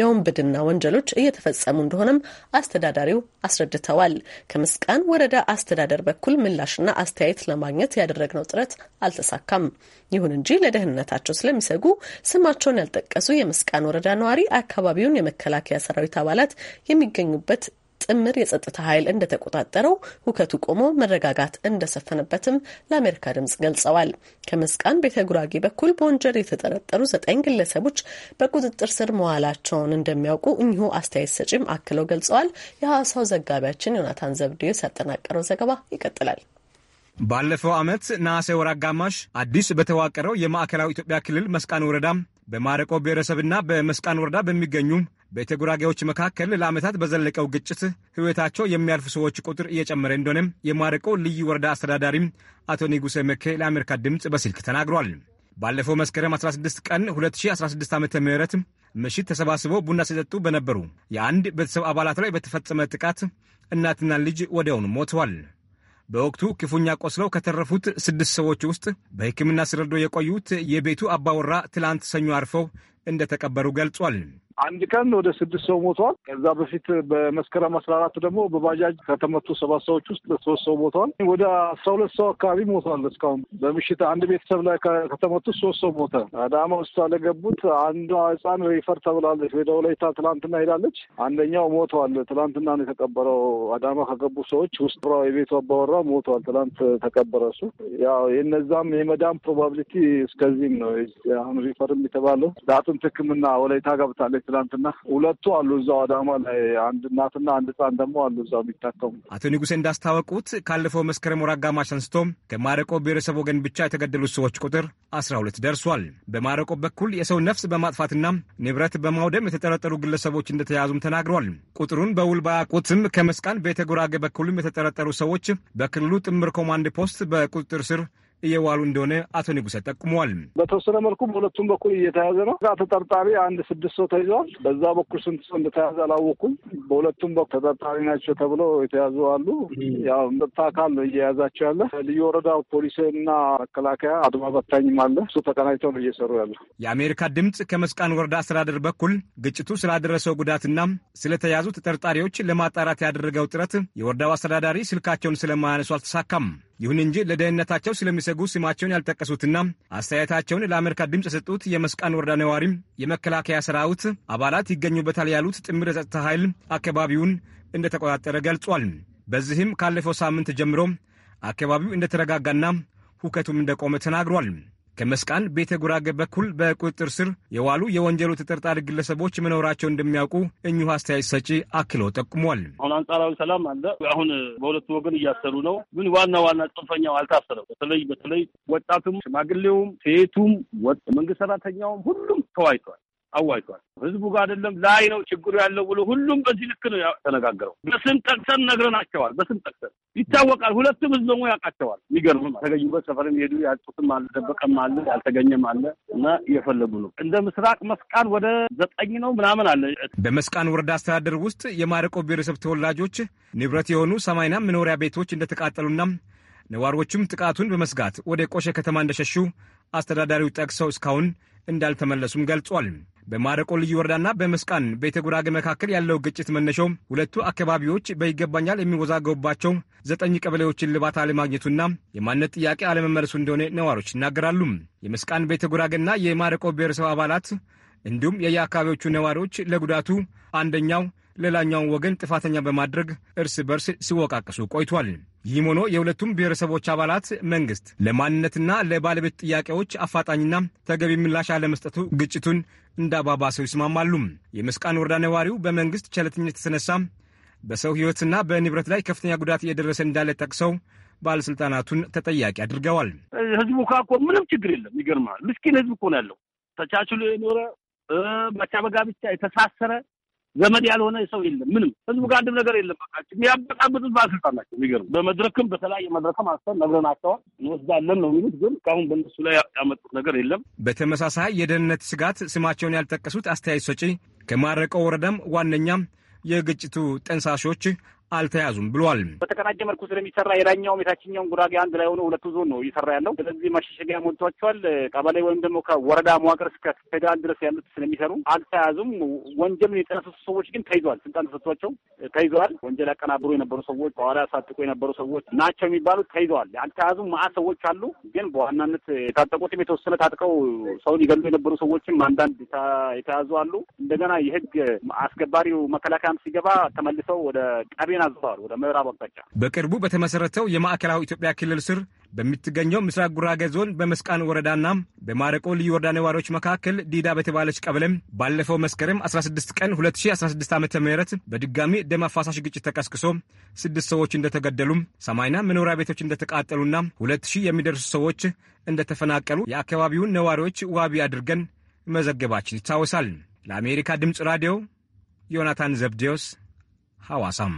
የወንብድና ወንጀሎች እየተፈጸሙ እንደሆነም አስተዳዳሪው አስረድተዋል። ከምስቃን ወረዳ አስተዳደር በኩል ምላሽና አስተያየት ለማግኘት ያደረግነው ጥረት አልተሳካም። ይሁን እንጂ ለደህንነታቸው ስለሚሰጉ ስማቸውን ያልጠቀሱ የምስቃን ወረዳ ነዋሪ አካባቢውን የመከላከያ ሰራዊት አባላት የሚገኙበት ጥምር የጸጥታ ኃይል እንደተቆጣጠረው ሁከቱ ቆሞ መረጋጋት እንደሰፈነበትም ለአሜሪካ ድምጽ ገልጸዋል። ከመስቃን ቤተ ጉራጌ በኩል በወንጀል የተጠረጠሩ ዘጠኝ ግለሰቦች በቁጥጥር ስር መዋላቸውን እንደሚያውቁ እኚሁ አስተያየት ሰጪም አክለው ገልጸዋል። የሐዋሳው ዘጋቢያችን ዮናታን ዘብዴዎስ ያጠናቀረው ዘገባ ይቀጥላል። ባለፈው ዓመት ነሐሴ ወር አጋማሽ አዲስ በተዋቀረው የማዕከላዊ ኢትዮጵያ ክልል መስቃን ወረዳ በማረቆ ብሔረሰብና በመስቃን ወረዳ በሚገኙ በተጎራጊዎች መካከል ለዓመታት በዘለቀው ግጭት ሕይወታቸው የሚያልፉ ሰዎች ቁጥር እየጨመረ እንደሆነም የማረቆ ልዩ ወረዳ አስተዳዳሪም አቶ ንጉሴ መኬ ለአሜሪካ ድምፅ በስልክ ተናግሯል። ባለፈው መስከረም 16 ቀን 2016 ዓ ም ምሽት ተሰባስበው ቡና ሲጠጡ በነበሩ የአንድ ቤተሰብ አባላት ላይ በተፈጸመ ጥቃት እናትና ልጅ ወዲያውኑ ሞተዋል። በወቅቱ ክፉኛ ቆስለው ከተረፉት ስድስት ሰዎች ውስጥ በሕክምና ስረዶ የቆዩት የቤቱ አባወራ ትላንት ሰኞ አርፈው እንደተቀበሩ ገልጿል። አንድ ቀን ወደ ስድስት ሰው ሞተዋል። ከዛ በፊት በመስከረም አስራ አራት ደግሞ በባጃጅ ከተመቱ ሰባት ሰዎች ውስጥ ሶስት ሰው ሞተዋል። ወደ አስራ ሁለት ሰው አካባቢ ሞተዋል። እስካሁን በምሽት አንድ ቤተሰብ ላይ ከተመቱ ሶስት ሰው ሞተ። አዳማ ሆስፒታል የገቡት አንዷ ህፃን ሪፈር ተብላለች ወደ ወላይታ ትላንትና ሄዳለች። አንደኛው ሞተዋል። ትላንትና ነው የተቀበረው። አዳማ ከገቡ ሰዎች ውስጥ የቤቱ አባወራ ሞተዋል። ትላንት ተቀበረ። እሱ ያው የነዛም የመዳም ፕሮባብሊቲ እስከዚህም ነው። አሁን ሪፈርም የተባለው ለአጥንት ሕክምና ወላይታ ገብታለች። ትላንትና ሁለቱ አሉ እዛው አዳማ ላይ አንድ እናትና አንድ ህፃን ደግሞ አሉ እዛው የሚታከሙ። አቶ ንጉሴ እንዳስታወቁት ካለፈው መስከረም ወር አጋማሽ አንስቶ ከማረቆ ብሔረሰብ ወገን ብቻ የተገደሉት ሰዎች ቁጥር 12 ደርሷል። በማረቆ በኩል የሰው ነፍስ በማጥፋትና ንብረት በማውደም የተጠረጠሩ ግለሰቦች እንደተያዙም ተናግሯል። ቁጥሩን በውል ባያውቁትም ከመስቃን ቤተ ጉራጌ በኩልም የተጠረጠሩ ሰዎች በክልሉ ጥምር ኮማንድ ፖስት በቁጥጥር ስር እየዋሉ እንደሆነ አቶ ንጉሰ ጠቁመዋል። በተወሰነ መልኩ በሁለቱም በኩል እየተያዘ ነው። እዛ ተጠርጣሪ አንድ ስድስት ሰው ተይዘዋል። በዛ በኩል ስንት ሰው እንደተያዘ አላወኩም። በሁለቱም በኩል ተጠርጣሪ ናቸው ተብሎ የተያዙ አሉ። ያው ጸጥታ አካል ነው እየያዛቸው ያለ። ልዩ ወረዳው ፖሊስና መከላከያ አድማ በታኝም አለ። እሱ ተቀናጅተው ነው እየሰሩ ያለ። የአሜሪካ ድምፅ ከመስቃን ወረዳ አስተዳደር በኩል ግጭቱ ስላደረሰው ጉዳትና ስለተያዙ ተጠርጣሪዎች ለማጣራት ያደረገው ጥረት የወረዳው አስተዳዳሪ ስልካቸውን ስለማያነሱ አልተሳካም። ይሁን እንጂ ለደህንነታቸው ስለሚሰጉ ስማቸውን ያልጠቀሱትና አስተያየታቸውን ለአሜሪካ ድምፅ የሰጡት የመስቃን ወረዳ ነዋሪም የመከላከያ ሰራዊት አባላት ይገኙበታል ያሉት ጥምር የጸጥታ ኃይል አካባቢውን እንደተቆጣጠረ ገልጿል። በዚህም ካለፈው ሳምንት ጀምሮ አካባቢው እንደተረጋጋና ሁከቱም እንደቆመ ተናግሯል። ከመስቃን ቤተ ጉራጌ በኩል በቁጥጥር ስር የዋሉ የወንጀሉ ተጠርጣሪ ግለሰቦች መኖራቸው እንደሚያውቁ እኚሁ አስተያየት ሰጪ አክለው ጠቁሟል። አሁን አንጻራዊ ሰላም አለ። አሁን በሁለቱ ወገን እያሰሩ ነው፣ ግን ዋና ዋና ጽንፈኛው አልታሰረም። በተለይ በተለይ ወጣቱም፣ ሽማግሌውም፣ ሴቱም፣ መንግስት ሰራተኛውም ሁሉም ተዋይቷል። አዋጅቷል። ህዝቡ ጋር አይደለም ላይ ነው ችግሩ ያለው ብሎ ሁሉም በዚህ ልክ ነው ተነጋገረው። በስም ጠቅሰን ነግረናቸዋል። በስም ጠቅሰን ይታወቃል። ሁለቱም ህዝብ ደግሞ ያውቃቸዋል። የሚገርምም ተገኙበት ሰፈር ሄዱ ያጡትም አለ ደበቀም አለ ያልተገኘም አለ እና እየፈለጉ ነው። እንደ ምስራቅ መስቃን ወደ ዘጠኝ ነው ምናምን አለ። በመስቃን ወረዳ አስተዳደር ውስጥ የማረቆ ብሔረሰብ ተወላጆች ንብረት የሆኑ ሰማይና መኖሪያ ቤቶች እንደተቃጠሉና ነዋሪዎቹም ጥቃቱን በመስጋት ወደ ቆሸ ከተማ እንደሸሹ አስተዳዳሪው ጠቅሰው እስካሁን እንዳልተመለሱም ገልጿል። በማረቆ ልዩ ወረዳና በመስቃን በቤተጉራጌ መካከል ያለው ግጭት መነሻው ሁለቱ አካባቢዎች በይገባኛል የሚወዛገቡባቸው ዘጠኝ ቀበሌዎችን ልባት አለማግኘቱና የማንነት ጥያቄ አለመመለሱ እንደሆነ ነዋሪዎች ይናገራሉ። የመስቃን ቤተጉራጌና የማረቆ ብሔረሰብ አባላት እንዲሁም የየአካባቢዎቹ ነዋሪዎች ለጉዳቱ አንደኛው ሌላኛውን ወገን ጥፋተኛ በማድረግ እርስ በርስ ሲወቃቀሱ ቆይቷል። ይህም ሆኖ የሁለቱም ብሔረሰቦች አባላት መንግስት ለማንነትና ለባለቤት ጥያቄዎች አፋጣኝና ተገቢ ምላሽ አለመስጠቱ ግጭቱን እንዳባባሰው ይስማማሉ። የመስቃን ወረዳ ነዋሪው በመንግስት ቸለተኝነት የተነሳ በሰው ህይወትና በንብረት ላይ ከፍተኛ ጉዳት እየደረሰ እንዳለ ጠቅሰው ባለስልጣናቱን ተጠያቂ አድርገዋል። ህዝቡ ካኮ ምንም ችግር የለም። ይገርማል። ምስኪን ህዝብ እኮ ነው ያለው። ተቻችሎ የኖረ በቻ በጋ ብቻ የተሳሰረ ዘመድ ያልሆነ ሰው የለም። ምንም ህዝቡ ጋር አንድም ነገር የለም። በቃቸው የሚያበጣብጡት ባለስልጣን ናቸው። የሚገርም በመድረክም በተለያየ መድረክም ነግረን አስተዋል እንወስዳለን ነው የሚሉት፣ ግን እስካሁን በእነሱ ላይ ያመጡት ነገር የለም። በተመሳሳይ የደህንነት ስጋት ስማቸውን ያልጠቀሱት አስተያየት ሰጪ ከማረቀው ወረዳም ዋነኛም የግጭቱ ጠንሳሾች አልተያዙም ብሏል። በተቀናጀ መልኩ ስለሚሰራ የላይኛውም የታችኛውም ጉራጌ አንድ ላይ ሆኖ ሁለቱ ዞን ነው እየሰራ ያለው። ስለዚህ ማሸሸጊያ ሞልቷቸዋል። ቀበሌ ወይም ደግሞ ከወረዳ መዋቅር እስከ ፌዴራል ድረስ ያሉት ስለሚሰሩ አልተያዙም። ወንጀልን የጠነሰሱ ሰዎች ግን ተይዘዋል። ስልጣን ተሰጥቷቸው ተይዘዋል። ወንጀል ያቀናብሩ የነበሩ ሰዎች፣ በኋላ ያሳጥቁ የነበሩ ሰዎች ናቸው የሚባሉት ተይዘዋል። አልተያዙም። መዓት ሰዎች አሉ። ግን በዋናነት የታጠቁትም የተወሰነ ታጥቀው ሰውን ይገሉ የነበሩ ሰዎችም አንዳንድ የተያዙ አሉ። እንደገና የህግ አስከባሪው መከላከያም ሲገባ ተመልሰው ወደ ቀቤና አዝተዋል ወደ ምዕራብ አቅጣጫ። በቅርቡ በተመሰረተው የማዕከላዊ ኢትዮጵያ ክልል ስር በምትገኘው ምስራቅ ጉራጌ ዞን በመስቃን ወረዳና በማረቆ ልዩ ወረዳ ነዋሪዎች መካከል ዲዳ በተባለች ቀበሌም ባለፈው መስከረም 16 ቀን 2016 ዓ ም በድጋሚ ደም አፋሳሽ ግጭት ተቀስቅሶ ስድስት ሰዎች እንደተገደሉ ሰማይና መኖሪያ ቤቶች እንደተቃጠሉና 2000 የሚደርሱ ሰዎች እንደተፈናቀሉ የአካባቢውን ነዋሪዎች ዋቢ አድርገን መዘገባችን ይታወሳል። ለአሜሪካ ድምፅ ራዲዮ ዮናታን ዘብዴዎስ ሐዋሳም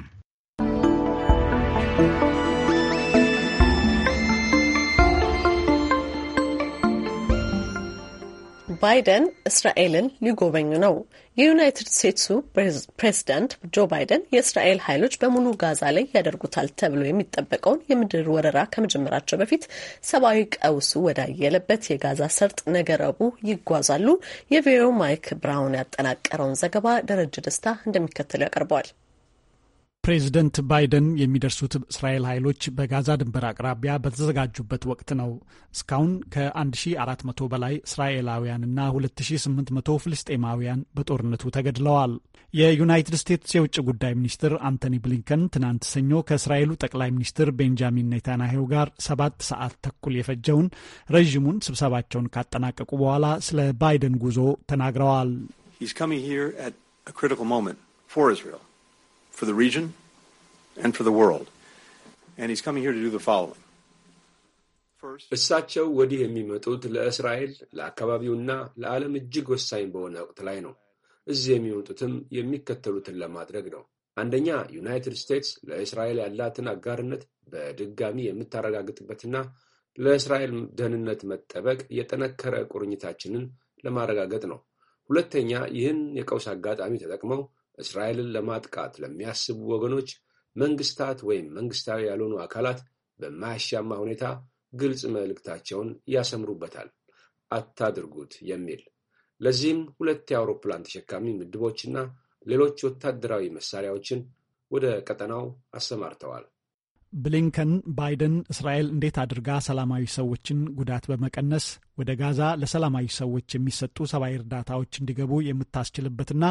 ባይደን እስራኤልን ሊጎበኙ ነው። የዩናይትድ ስቴትሱ ፕሬዝዳንት ጆ ባይደን የእስራኤል ኃይሎች በሙሉ ጋዛ ላይ ያደርጉታል ተብሎ የሚጠበቀውን የምድር ወረራ ከመጀመራቸው በፊት ሰብአዊ ቀውሱ ወዳየለበት የጋዛ ሰርጥ ነገ ረቡዕ ይጓዛሉ። የቪኦኤ ማይክ ብራውን ያጠናቀረውን ዘገባ ደረጀ ደስታ እንደሚከተለው ያቀርበዋል። ፕሬዚደንት ባይደን የሚደርሱት እስራኤል ኃይሎች በጋዛ ድንበር አቅራቢያ በተዘጋጁበት ወቅት ነው። እስካሁን ከ1400 በላይ እስራኤላውያንና 2800 ፍልስጤማውያን በጦርነቱ ተገድለዋል። የዩናይትድ ስቴትስ የውጭ ጉዳይ ሚኒስትር አንቶኒ ብሊንከን ትናንት ሰኞ ከእስራኤሉ ጠቅላይ ሚኒስትር ቤንጃሚን ኔታንያሁ ጋር ሰባት ሰዓት ተኩል የፈጀውን ረዥሙን ስብሰባቸውን ካጠናቀቁ በኋላ ስለ ባይደን ጉዞ ተናግረዋል። He's coming for the region and for the world. And he's coming here to do the following. እሳቸው ወዲህ የሚመጡት ለእስራኤል ለአካባቢውና ለዓለም እጅግ ወሳኝ በሆነ ወቅት ላይ ነው። እዚህ የሚመጡትም የሚከተሉትን ለማድረግ ነው። አንደኛ ዩናይትድ ስቴትስ ለእስራኤል ያላትን አጋርነት በድጋሚ የምታረጋግጥበትና ለእስራኤል ደህንነት መጠበቅ የጠነከረ ቁርኝታችንን ለማረጋገጥ ነው። ሁለተኛ ይህን የቀውስ አጋጣሚ ተጠቅመው እስራኤልን ለማጥቃት ለሚያስቡ ወገኖች መንግስታት ወይም መንግስታዊ ያልሆኑ አካላት በማያሻማ ሁኔታ ግልጽ መልእክታቸውን ያሰምሩበታል። አታድርጉት የሚል ለዚህም ሁለት የአውሮፕላን ተሸካሚ ምድቦችና ሌሎች ወታደራዊ መሳሪያዎችን ወደ ቀጠናው አሰማርተዋል። ብሊንከን ባይደን እስራኤል እንዴት አድርጋ ሰላማዊ ሰዎችን ጉዳት በመቀነስ ወደ ጋዛ ለሰላማዊ ሰዎች የሚሰጡ ሰብአዊ እርዳታዎች እንዲገቡ የምታስችልበትና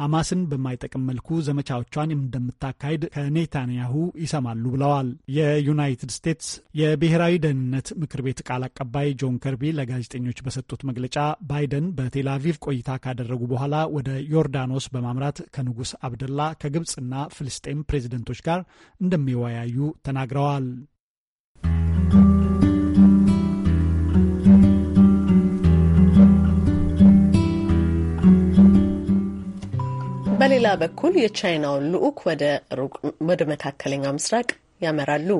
ሐማስን በማይጠቅም መልኩ ዘመቻዎቿን እንደምታካሂድ ከኔታንያሁ ይሰማሉ ብለዋል። የዩናይትድ ስቴትስ የብሔራዊ ደህንነት ምክር ቤት ቃል አቀባይ ጆን ከርቢ ለጋዜጠኞች በሰጡት መግለጫ ባይደን በቴላቪቭ ቆይታ ካደረጉ በኋላ ወደ ዮርዳኖስ በማምራት ከንጉሥ አብደላ ከግብፅና ፍልስጤም ፕሬዚደንቶች ጋር እንደሚወያዩ ተናግረዋል። በሌላ በኩል የቻይናውን ልዑክ ወደ መካከለኛው ምስራቅ ያመራሉ።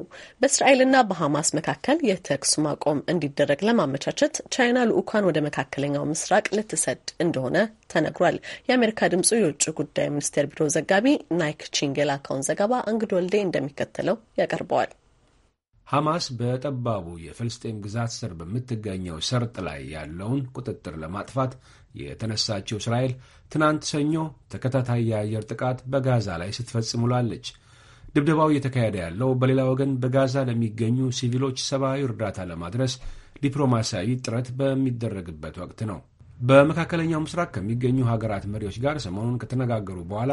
በእስራኤልና በሐማስ መካከል የተኩስ ማቆም እንዲደረግ ለማመቻቸት ቻይና ልዑካን ወደ መካከለኛው ምስራቅ ልትሰድ እንደሆነ ተነግሯል። የአሜሪካ ድምጹ የውጭ ጉዳይ ሚኒስቴር ቢሮ ዘጋቢ ናይክ ቺንግ የላካውን ዘገባ እንግድ ወልዴ እንደሚከተለው ያቀርበዋል። ሐማስ በጠባቡ የፍልስጤም ግዛት ስር በምትገኘው ሰርጥ ላይ ያለውን ቁጥጥር ለማጥፋት የተነሳችው እስራኤል ትናንት ሰኞ ተከታታይ የአየር ጥቃት በጋዛ ላይ ስትፈጽም ድብደባው እየተካሄደ ያለው በሌላ ወገን በጋዛ ለሚገኙ ሲቪሎች ሰብአዊ እርዳታ ለማድረስ ዲፕሎማሲያዊ ጥረት በሚደረግበት ወቅት ነው። በመካከለኛው ምስራቅ ከሚገኙ ሀገራት መሪዎች ጋር ሰሞኑን ከተነጋገሩ በኋላ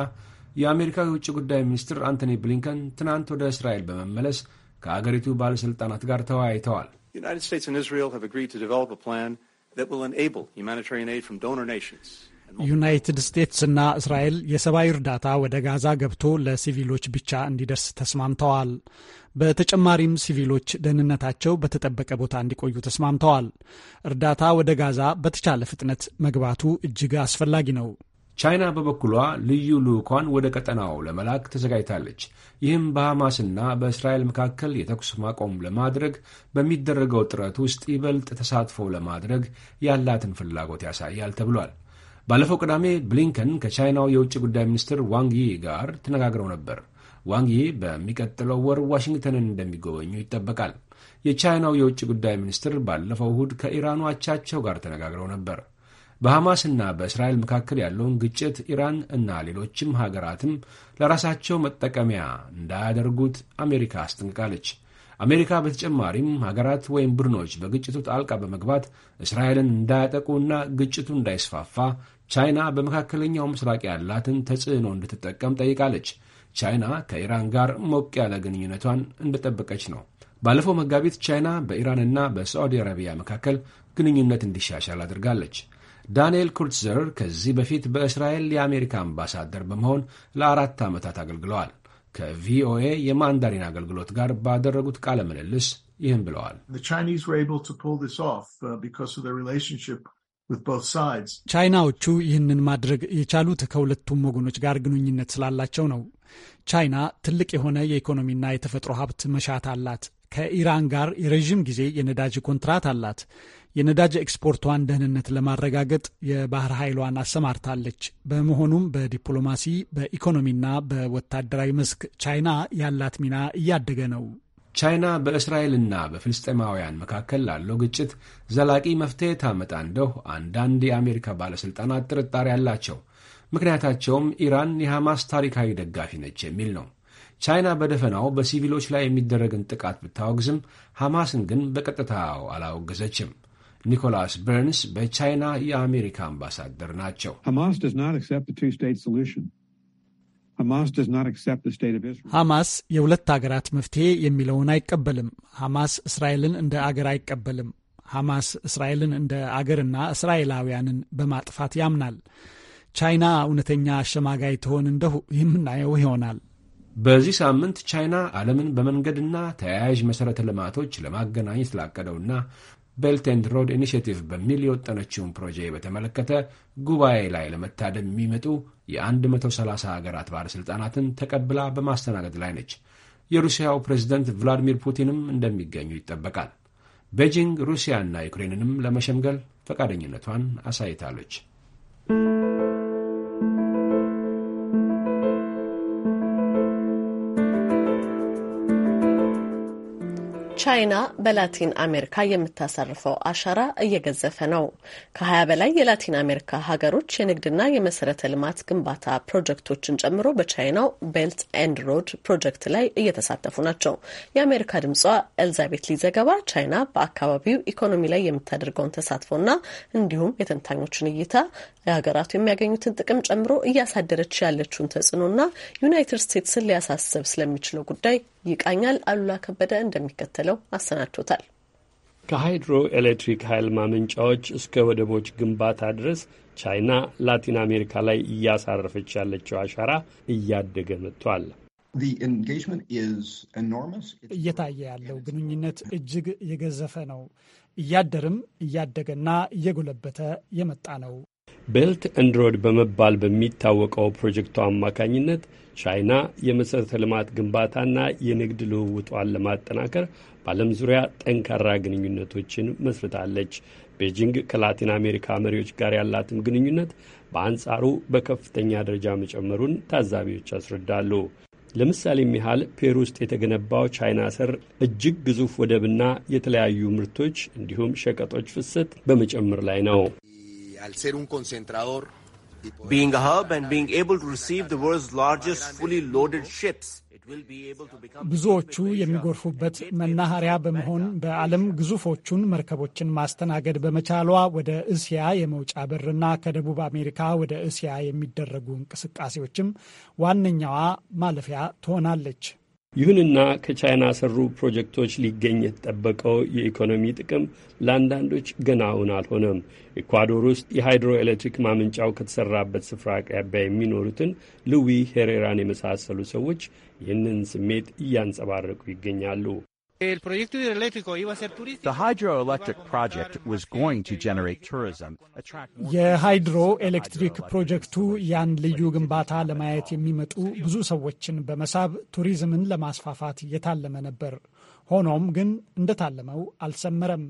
የአሜሪካ የውጭ ጉዳይ ሚኒስትር አንቶኒ ብሊንከን ትናንት ወደ እስራኤል በመመለስ ከአገሪቱ ባለሥልጣናት ጋር ተወያይተዋል። ዩናይትድ ስቴትስ ዩናይትድ ስቴትስ እና እስራኤል የሰብአዊ እርዳታ ወደ ጋዛ ገብቶ ለሲቪሎች ብቻ እንዲደርስ ተስማምተዋል። በተጨማሪም ሲቪሎች ደህንነታቸው በተጠበቀ ቦታ እንዲቆዩ ተስማምተዋል። እርዳታ ወደ ጋዛ በተቻለ ፍጥነት መግባቱ እጅግ አስፈላጊ ነው። ቻይና በበኩሏ ልዩ ልዑኳን ወደ ቀጠናው ለመላክ ተዘጋጅታለች። ይህም በሐማስና በእስራኤል መካከል የተኩስ ማቆም ለማድረግ በሚደረገው ጥረት ውስጥ ይበልጥ ተሳትፎ ለማድረግ ያላትን ፍላጎት ያሳያል ተብሏል። ባለፈው ቅዳሜ ብሊንከን ከቻይናው የውጭ ጉዳይ ሚኒስትር ዋንግ ዪ ጋር ተነጋግረው ነበር። ዋንግ ዪ በሚቀጥለው ወር ዋሽንግተንን እንደሚጎበኙ ይጠበቃል። የቻይናው የውጭ ጉዳይ ሚኒስትር ባለፈው እሁድ ከኢራኑ አቻቸው ጋር ተነጋግረው ነበር። በሐማስና በእስራኤል መካከል ያለውን ግጭት ኢራን እና ሌሎችም ሀገራትም ለራሳቸው መጠቀሚያ እንዳያደርጉት አሜሪካ አስጠንቅቃለች። አሜሪካ በተጨማሪም ሀገራት ወይም ቡድኖች በግጭቱ ጣልቃ በመግባት እስራኤልን እንዳያጠቁ እና ግጭቱ እንዳይስፋፋ ቻይና በመካከለኛው ምስራቅ ያላትን ተጽዕኖ እንድትጠቀም ጠይቃለች። ቻይና ከኢራን ጋር ሞቅ ያለ ግንኙነቷን እንደጠበቀች ነው። ባለፈው መጋቢት ቻይና በኢራንና በሳዑዲ አረቢያ መካከል ግንኙነት እንዲሻሻል አድርጋለች። ዳንኤል ኩርትዘር ከዚህ በፊት በእስራኤል የአሜሪካ አምባሳደር በመሆን ለአራት ዓመታት አገልግለዋል። ከቪኦኤ የማንዳሪን አገልግሎት ጋር ባደረጉት ቃለ ምልልስ ይህም ብለዋል። ቻይናዎቹ ይህንን ማድረግ የቻሉት ከሁለቱም ወገኖች ጋር ግንኙነት ስላላቸው ነው። ቻይና ትልቅ የሆነ የኢኮኖሚና የተፈጥሮ ሀብት መሻት አላት። ከኢራን ጋር የረዥም ጊዜ የነዳጅ ኮንትራት አላት። የነዳጅ ኤክስፖርቷን ደህንነት ለማረጋገጥ የባህር ኃይሏን አሰማርታለች። በመሆኑም በዲፕሎማሲ በኢኮኖሚና በወታደራዊ መስክ ቻይና ያላት ሚና እያደገ ነው። ቻይና በእስራኤልና በፍልስጤማውያን መካከል ላለው ግጭት ዘላቂ መፍትሄ ታመጣ እንደሁ አንዳንድ የአሜሪካ ባለሥልጣናት ጥርጣሬ አላቸው። ምክንያታቸውም ኢራን የሐማስ ታሪካዊ ደጋፊ ነች የሚል ነው። ቻይና በደፈናው በሲቪሎች ላይ የሚደረግን ጥቃት ብታወግዝም ሐማስን ግን በቀጥታው አላወገዘችም። ኒኮላስ በርንስ በቻይና የአሜሪካ አምባሳደር ናቸው። ሐማስ የሁለት አገራት መፍትሄ የሚለውን አይቀበልም። ሐማስ እስራኤልን እንደ አገር አይቀበልም። ሐማስ እስራኤልን እንደ አገርና እስራኤላውያንን በማጥፋት ያምናል። ቻይና እውነተኛ አሸማጋይ ትሆን እንደሁ የምናየው ይሆናል። በዚህ ሳምንት ቻይና ዓለምን በመንገድና ተያያዥ መሠረተ ልማቶች ለማገናኘት ላቀደውና ቤልት ኤንድ ሮድ ኢኒሽቲቭ በሚል የወጠነችውን ፕሮጀክት በተመለከተ ጉባኤ ላይ ለመታደም የሚመጡ የ130 ሀገራት ባለሥልጣናትን ተቀብላ በማስተናገድ ላይ ነች። የሩሲያው ፕሬዝደንት ቭላዲሚር ፑቲንም እንደሚገኙ ይጠበቃል። ቤጂንግ ሩሲያና ዩክሬንንም ለመሸምገል ፈቃደኝነቷን አሳይታለች። ቻይና በላቲን አሜሪካ የምታሳርፈው አሻራ እየገዘፈ ነው። ከሀያ በላይ የላቲን አሜሪካ ሀገሮች የንግድና የመሰረተ ልማት ግንባታ ፕሮጀክቶችን ጨምሮ በቻይናው ቤልት ኤንድ ሮድ ፕሮጀክት ላይ እየተሳተፉ ናቸው። የአሜሪካ ድምጿ ኤልዛቤት ሊ ዘገባ ቻይና በአካባቢው ኢኮኖሚ ላይ የምታደርገውን ተሳትፎና እንዲሁም የተንታኞችን እይታ የሀገራቱ የሚያገኙትን ጥቅም ጨምሮ እያሳደረች ያለችውን ተጽዕኖና ዩናይትድ ስቴትስን ሊያሳስብ ስለሚችለው ጉዳይ ይቃኛል። አሉላ ከበደ እንደሚከተለው አሰናድቶታል። ከሃይድሮ ኤሌክትሪክ ኃይል ማመንጫዎች እስከ ወደቦች ግንባታ ድረስ ቻይና ላቲን አሜሪካ ላይ እያሳረፈች ያለችው አሻራ እያደገ መጥቷል። እየታየ ያለው ግንኙነት እጅግ የገዘፈ ነው። እያደርም እያደገና እየጎለበተ የመጣ ነው። ቤልት ኤንድ ሮድ በመባል በሚታወቀው ፕሮጀክቱ አማካኝነት ቻይና የመሠረተ ልማት ግንባታና የንግድ ልውውጧን ለማጠናከር በዓለም ዙሪያ ጠንካራ ግንኙነቶችን መስርታለች። ቤጂንግ ከላቲን አሜሪካ መሪዎች ጋር ያላትም ግንኙነት በአንጻሩ በከፍተኛ ደረጃ መጨመሩን ታዛቢዎች ያስረዳሉ። ለምሳሌ ያህል ፔሩ ውስጥ የተገነባው ቻይና ሰር እጅግ ግዙፍ ወደብና የተለያዩ ምርቶች እንዲሁም ሸቀጦች ፍሰት በመጨመር ላይ ነው። al ser un concentrador. Being a hub and being able to receive the world's largest fully loaded ships. ብዙዎቹ የሚጎርፉበት መናኸሪያ በመሆን በዓለም ግዙፎቹን መርከቦችን ማስተናገድ በመቻሏ ወደ እስያ የመውጫ በርና ከደቡብ አሜሪካ ወደ እስያ የሚደረጉ እንቅስቃሴዎችም ዋነኛዋ ማለፊያ ትሆናለች። ይሁንና ከቻይና ሰሩ ፕሮጀክቶች ሊገኝ የተጠበቀው የኢኮኖሚ ጥቅም ለአንዳንዶች ገና እውን አልሆነም። ኤኳዶር ውስጥ የሃይድሮ ኤሌክትሪክ ማመንጫው ከተሰራበት ስፍራ አቅራቢያ የሚኖሩትን ልዊ ሄሬራን የመሳሰሉ ሰዎች ይህንን ስሜት እያንጸባረቁ ይገኛሉ። The hydroelectric project was going to generate tourism. ኤሌክትሪክ ፕሮጀክቱ ያን ልዩ ግንባታ ለማየት የሚመጡ ብዙ ሰዎችን በመሳብ ቱሪዝምን ለማስፋፋት የታለመ ነበር። ሆኖም ግን እንደታለመው አልሰመረም።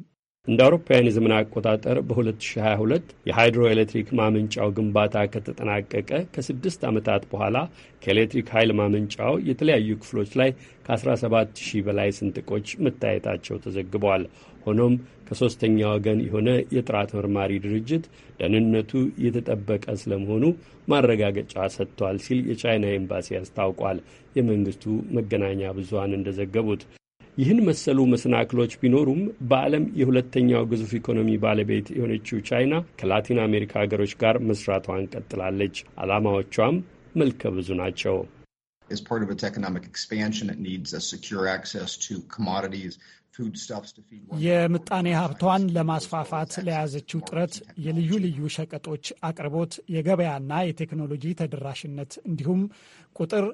እንደ አውሮፓውያን የዘመን አቆጣጠር በ2022 የሃይድሮ ኤሌክትሪክ ማመንጫው ግንባታ ከተጠናቀቀ ከስድስት ዓመታት በኋላ ከኤሌክትሪክ ኃይል ማመንጫው የተለያዩ ክፍሎች ላይ ከ17 ሺህ በላይ ስንጥቆች መታየታቸው ተዘግበዋል። ሆኖም ከሦስተኛ ወገን የሆነ የጥራት መርማሪ ድርጅት ደህንነቱ የተጠበቀ ስለመሆኑ ማረጋገጫ ሰጥቷል ሲል የቻይና ኤምባሲ አስታውቋል። የመንግስቱ መገናኛ ብዙሃን እንደዘገቡት ይህን መሰሉ መሰናክሎች ቢኖሩም በዓለም የሁለተኛው ግዙፍ ኢኮኖሚ ባለቤት የሆነችው ቻይና ከላቲን አሜሪካ ሀገሮች ጋር መስራቷን ቀጥላለች። ዓላማዎቿም መልከ ብዙ ናቸው። የምጣኔ ሀብቷን ለማስፋፋት ለያዘችው ጥረት የልዩ ልዩ ሸቀጦች አቅርቦት፣ የገበያና የቴክኖሎጂ ተደራሽነት እንዲሁም ቁጥር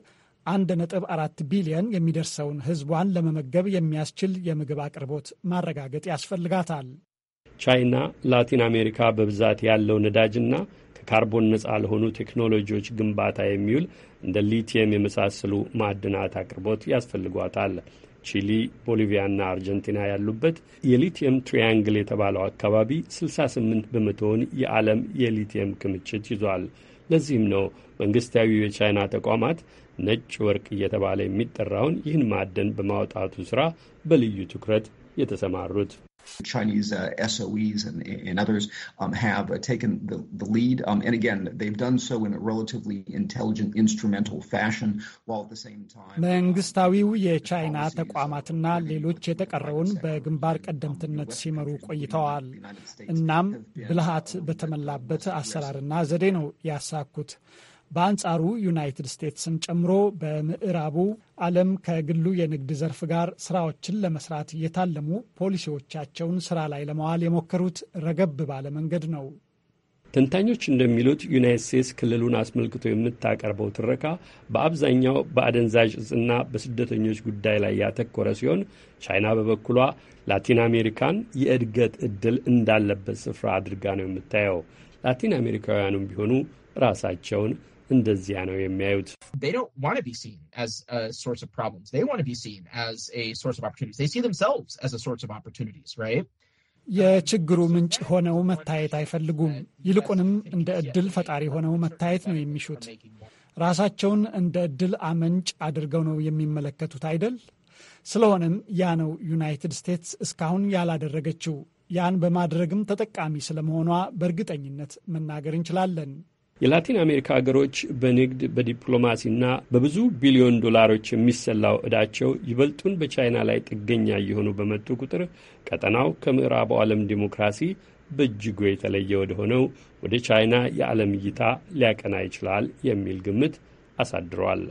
አንድ ነጥብ አራት ቢሊየን የሚደርሰውን ህዝቧን ለመመገብ የሚያስችል የምግብ አቅርቦት ማረጋገጥ ያስፈልጋታል። ቻይና ላቲን አሜሪካ በብዛት ያለው ነዳጅና ከካርቦን ነፃ ለሆኑ ቴክኖሎጂዎች ግንባታ የሚውል እንደ ሊቲየም የመሳሰሉ ማዕድናት አቅርቦት ያስፈልጓታል። ቺሊ፣ ቦሊቪያና አርጀንቲና ያሉበት የሊቲየም ትሪያንግል የተባለው አካባቢ 68 በመቶውን የዓለም የሊቲየም ክምችት ይዟል። ለዚህም ነው መንግስታዊ የቻይና ተቋማት ነጭ ወርቅ እየተባለ የሚጠራውን ይህን ማዕድን በማውጣቱ ስራ በልዩ ትኩረት የተሰማሩት Chinese uh, SOEs and, and others um, have uh, taken the, the lead. Um, and again, they've done so in a relatively intelligent, instrumental fashion, while at the same time... መንግስታዊው የቻይና ተቋማትና ሌሎች የተቀረውን በግንባር ቀደምትነት ሲመሩ ቆይተዋል። እናም ብልሃት በተሞላበት አሰራርና ዘዴ ነው ያሳኩት። በአንጻሩ ዩናይትድ ስቴትስን ጨምሮ በምዕራቡ ዓለም ከግሉ የንግድ ዘርፍ ጋር ስራዎችን ለመስራት እየታለሙ ፖሊሲዎቻቸውን ስራ ላይ ለመዋል የሞከሩት ረገብ ባለ መንገድ ነው። ተንታኞች እንደሚሉት ዩናይት ስቴትስ ክልሉን አስመልክቶ የምታቀርበው ትረካ በአብዛኛው በአደንዛዥ እጽና በስደተኞች ጉዳይ ላይ ያተኮረ ሲሆን ቻይና በበኩሏ ላቲን አሜሪካን የእድገት እድል እንዳለበት ስፍራ አድርጋ ነው የምታየው። ላቲን አሜሪካውያኑም ቢሆኑ ራሳቸውን እንደዚያ ነው የሚያዩት። uh, የችግሩ ምንጭ ሆነው መታየት አይፈልጉም። ይልቁንም እንደ እድል ፈጣሪ ሆነው መታየት ነው የሚሹት። ራሳቸውን እንደ እድል አመንጭ አድርገው ነው የሚመለከቱት አይደል? ስለሆነም ያ ነው ዩናይትድ ስቴትስ እስካሁን ያላደረገችው። ያን በማድረግም ተጠቃሚ ስለመሆኗ በእርግጠኝነት መናገር እንችላለን። የላቲን አሜሪካ ሀገሮች በንግድ በዲፕሎማሲና በብዙ ቢሊዮን ዶላሮች የሚሰላው እዳቸው ይበልጡን በቻይና ላይ ጥገኛ እየሆኑ በመጡ ቁጥር ቀጠናው ከምዕራቡ ዓለም ዲሞክራሲ በእጅጉ የተለየ ወደ ሆነው ወደ ቻይና የዓለም እይታ ሊያቀና ይችላል የሚል ግምት አሳድረዋል።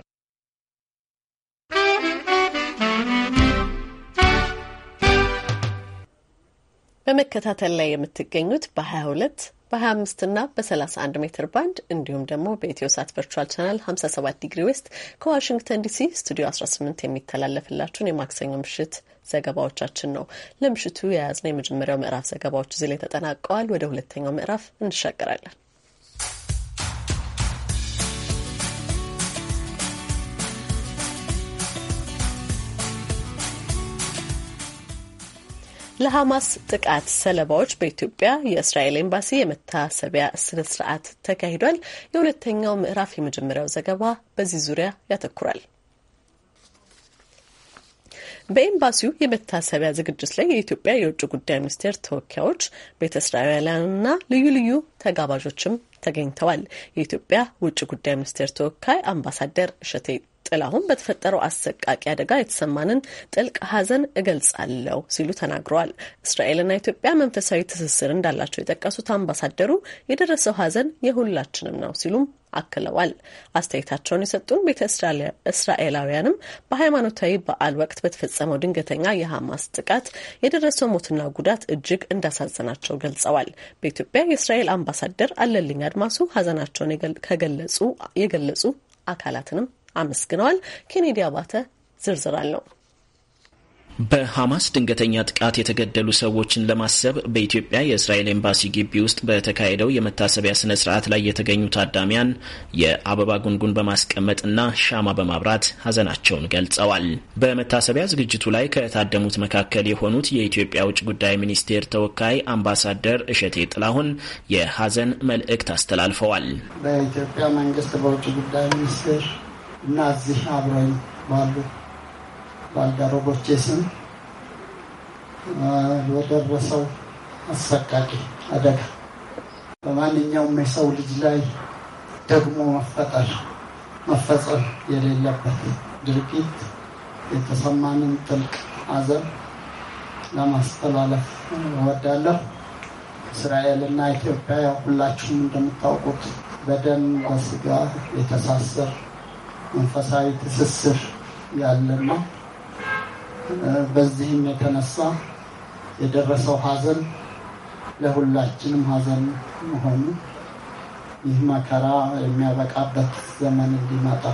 በመከታተል ላይ የምትገኙት በ22 በ25 እና በ31 ሜትር ባንድ እንዲሁም ደግሞ በኢትዮ ሳት ቨርቹዋል ቻናል 57 ዲግሪ ዌስት ከዋሽንግተን ዲሲ ስቱዲዮ 18 የሚተላለፍላችሁን የማክሰኞ ምሽት ዘገባዎቻችን ነው። ለምሽቱ የያዝነው የመጀመሪያው ምዕራፍ ዘገባዎች እዚህ ላይ ተጠናቀዋል። ወደ ሁለተኛው ምዕራፍ እንሻገራለን። ለሐማስ ጥቃት ሰለባዎች በኢትዮጵያ የእስራኤል ኤምባሲ የመታሰቢያ ስነ ስርዓት ተካሂዷል። የሁለተኛው ምዕራፍ የመጀመሪያው ዘገባ በዚህ ዙሪያ ያተኩራል። በኤምባሲው የመታሰቢያ ዝግጅት ላይ የኢትዮጵያ የውጭ ጉዳይ ሚኒስቴር ተወካዮች ቤተ እስራኤላውያንና ልዩ ልዩ ተጋባዦችም ተገኝተዋል። የኢትዮጵያ ውጭ ጉዳይ ሚኒስቴር ተወካይ አምባሳደር እሸቴ ጥላሁን በተፈጠረው አሰቃቂ አደጋ የተሰማንን ጥልቅ ሐዘን እገልጻለሁ ሲሉ ተናግረዋል። እስራኤልና ኢትዮጵያ መንፈሳዊ ትስስር እንዳላቸው የጠቀሱት አምባሳደሩ የደረሰው ሐዘን የሁላችንም ነው ሲሉም አክለዋል። አስተያየታቸውን የሰጡን ቤተ እስራኤላውያንም በሃይማኖታዊ በዓል ወቅት በተፈጸመው ድንገተኛ የሐማስ ጥቃት የደረሰው ሞትና ጉዳት እጅግ እንዳሳዘናቸው ገልጸዋል። በኢትዮጵያ የእስራኤል አምባሳደር አለልኝ አድማሱ ሐዘናቸውን የገለጹ አካላትንም አመስግነዋል። ኬኔዲ አባተ ዝርዝር አለው። በሐማስ ድንገተኛ ጥቃት የተገደሉ ሰዎችን ለማሰብ በኢትዮጵያ የእስራኤል ኤምባሲ ግቢ ውስጥ በተካሄደው የመታሰቢያ ስነ ስርዓት ላይ የተገኙ ታዳሚያን የአበባ ጉንጉን በማስቀመጥና ሻማ በማብራት ሀዘናቸውን ገልጸዋል። በመታሰቢያ ዝግጅቱ ላይ ከታደሙት መካከል የሆኑት የኢትዮጵያ ውጭ ጉዳይ ሚኒስቴር ተወካይ አምባሳደር እሸቴ ጥላሁን የሀዘን መልእክት አስተላልፈዋል። በኢትዮጵያ መንግስት በውጭ ጉዳይ ሚኒስቴር እና እዚህ አብረኝ ባሉ ባልደረቦቼ ስም በደረሰው አሰቃቂ አደጋ በማንኛውም የሰው ልጅ ላይ ደግሞ መፈጠር መፈጸም የሌለበት ድርጊት የተሰማንን ጥልቅ ሐዘን ለማስተላለፍ እወዳለሁ። እና ኢትዮጵያ ሁላችሁም እንደምታውቁት በደም በስጋ የተሳሰር መንፈሳዊ ትስስር ያለን ነው። በዚህም የተነሳ የደረሰው ሐዘን ለሁላችንም ሐዘን መሆኑ ይህ መከራ የሚያበቃበት ዘመን እንዲመጣ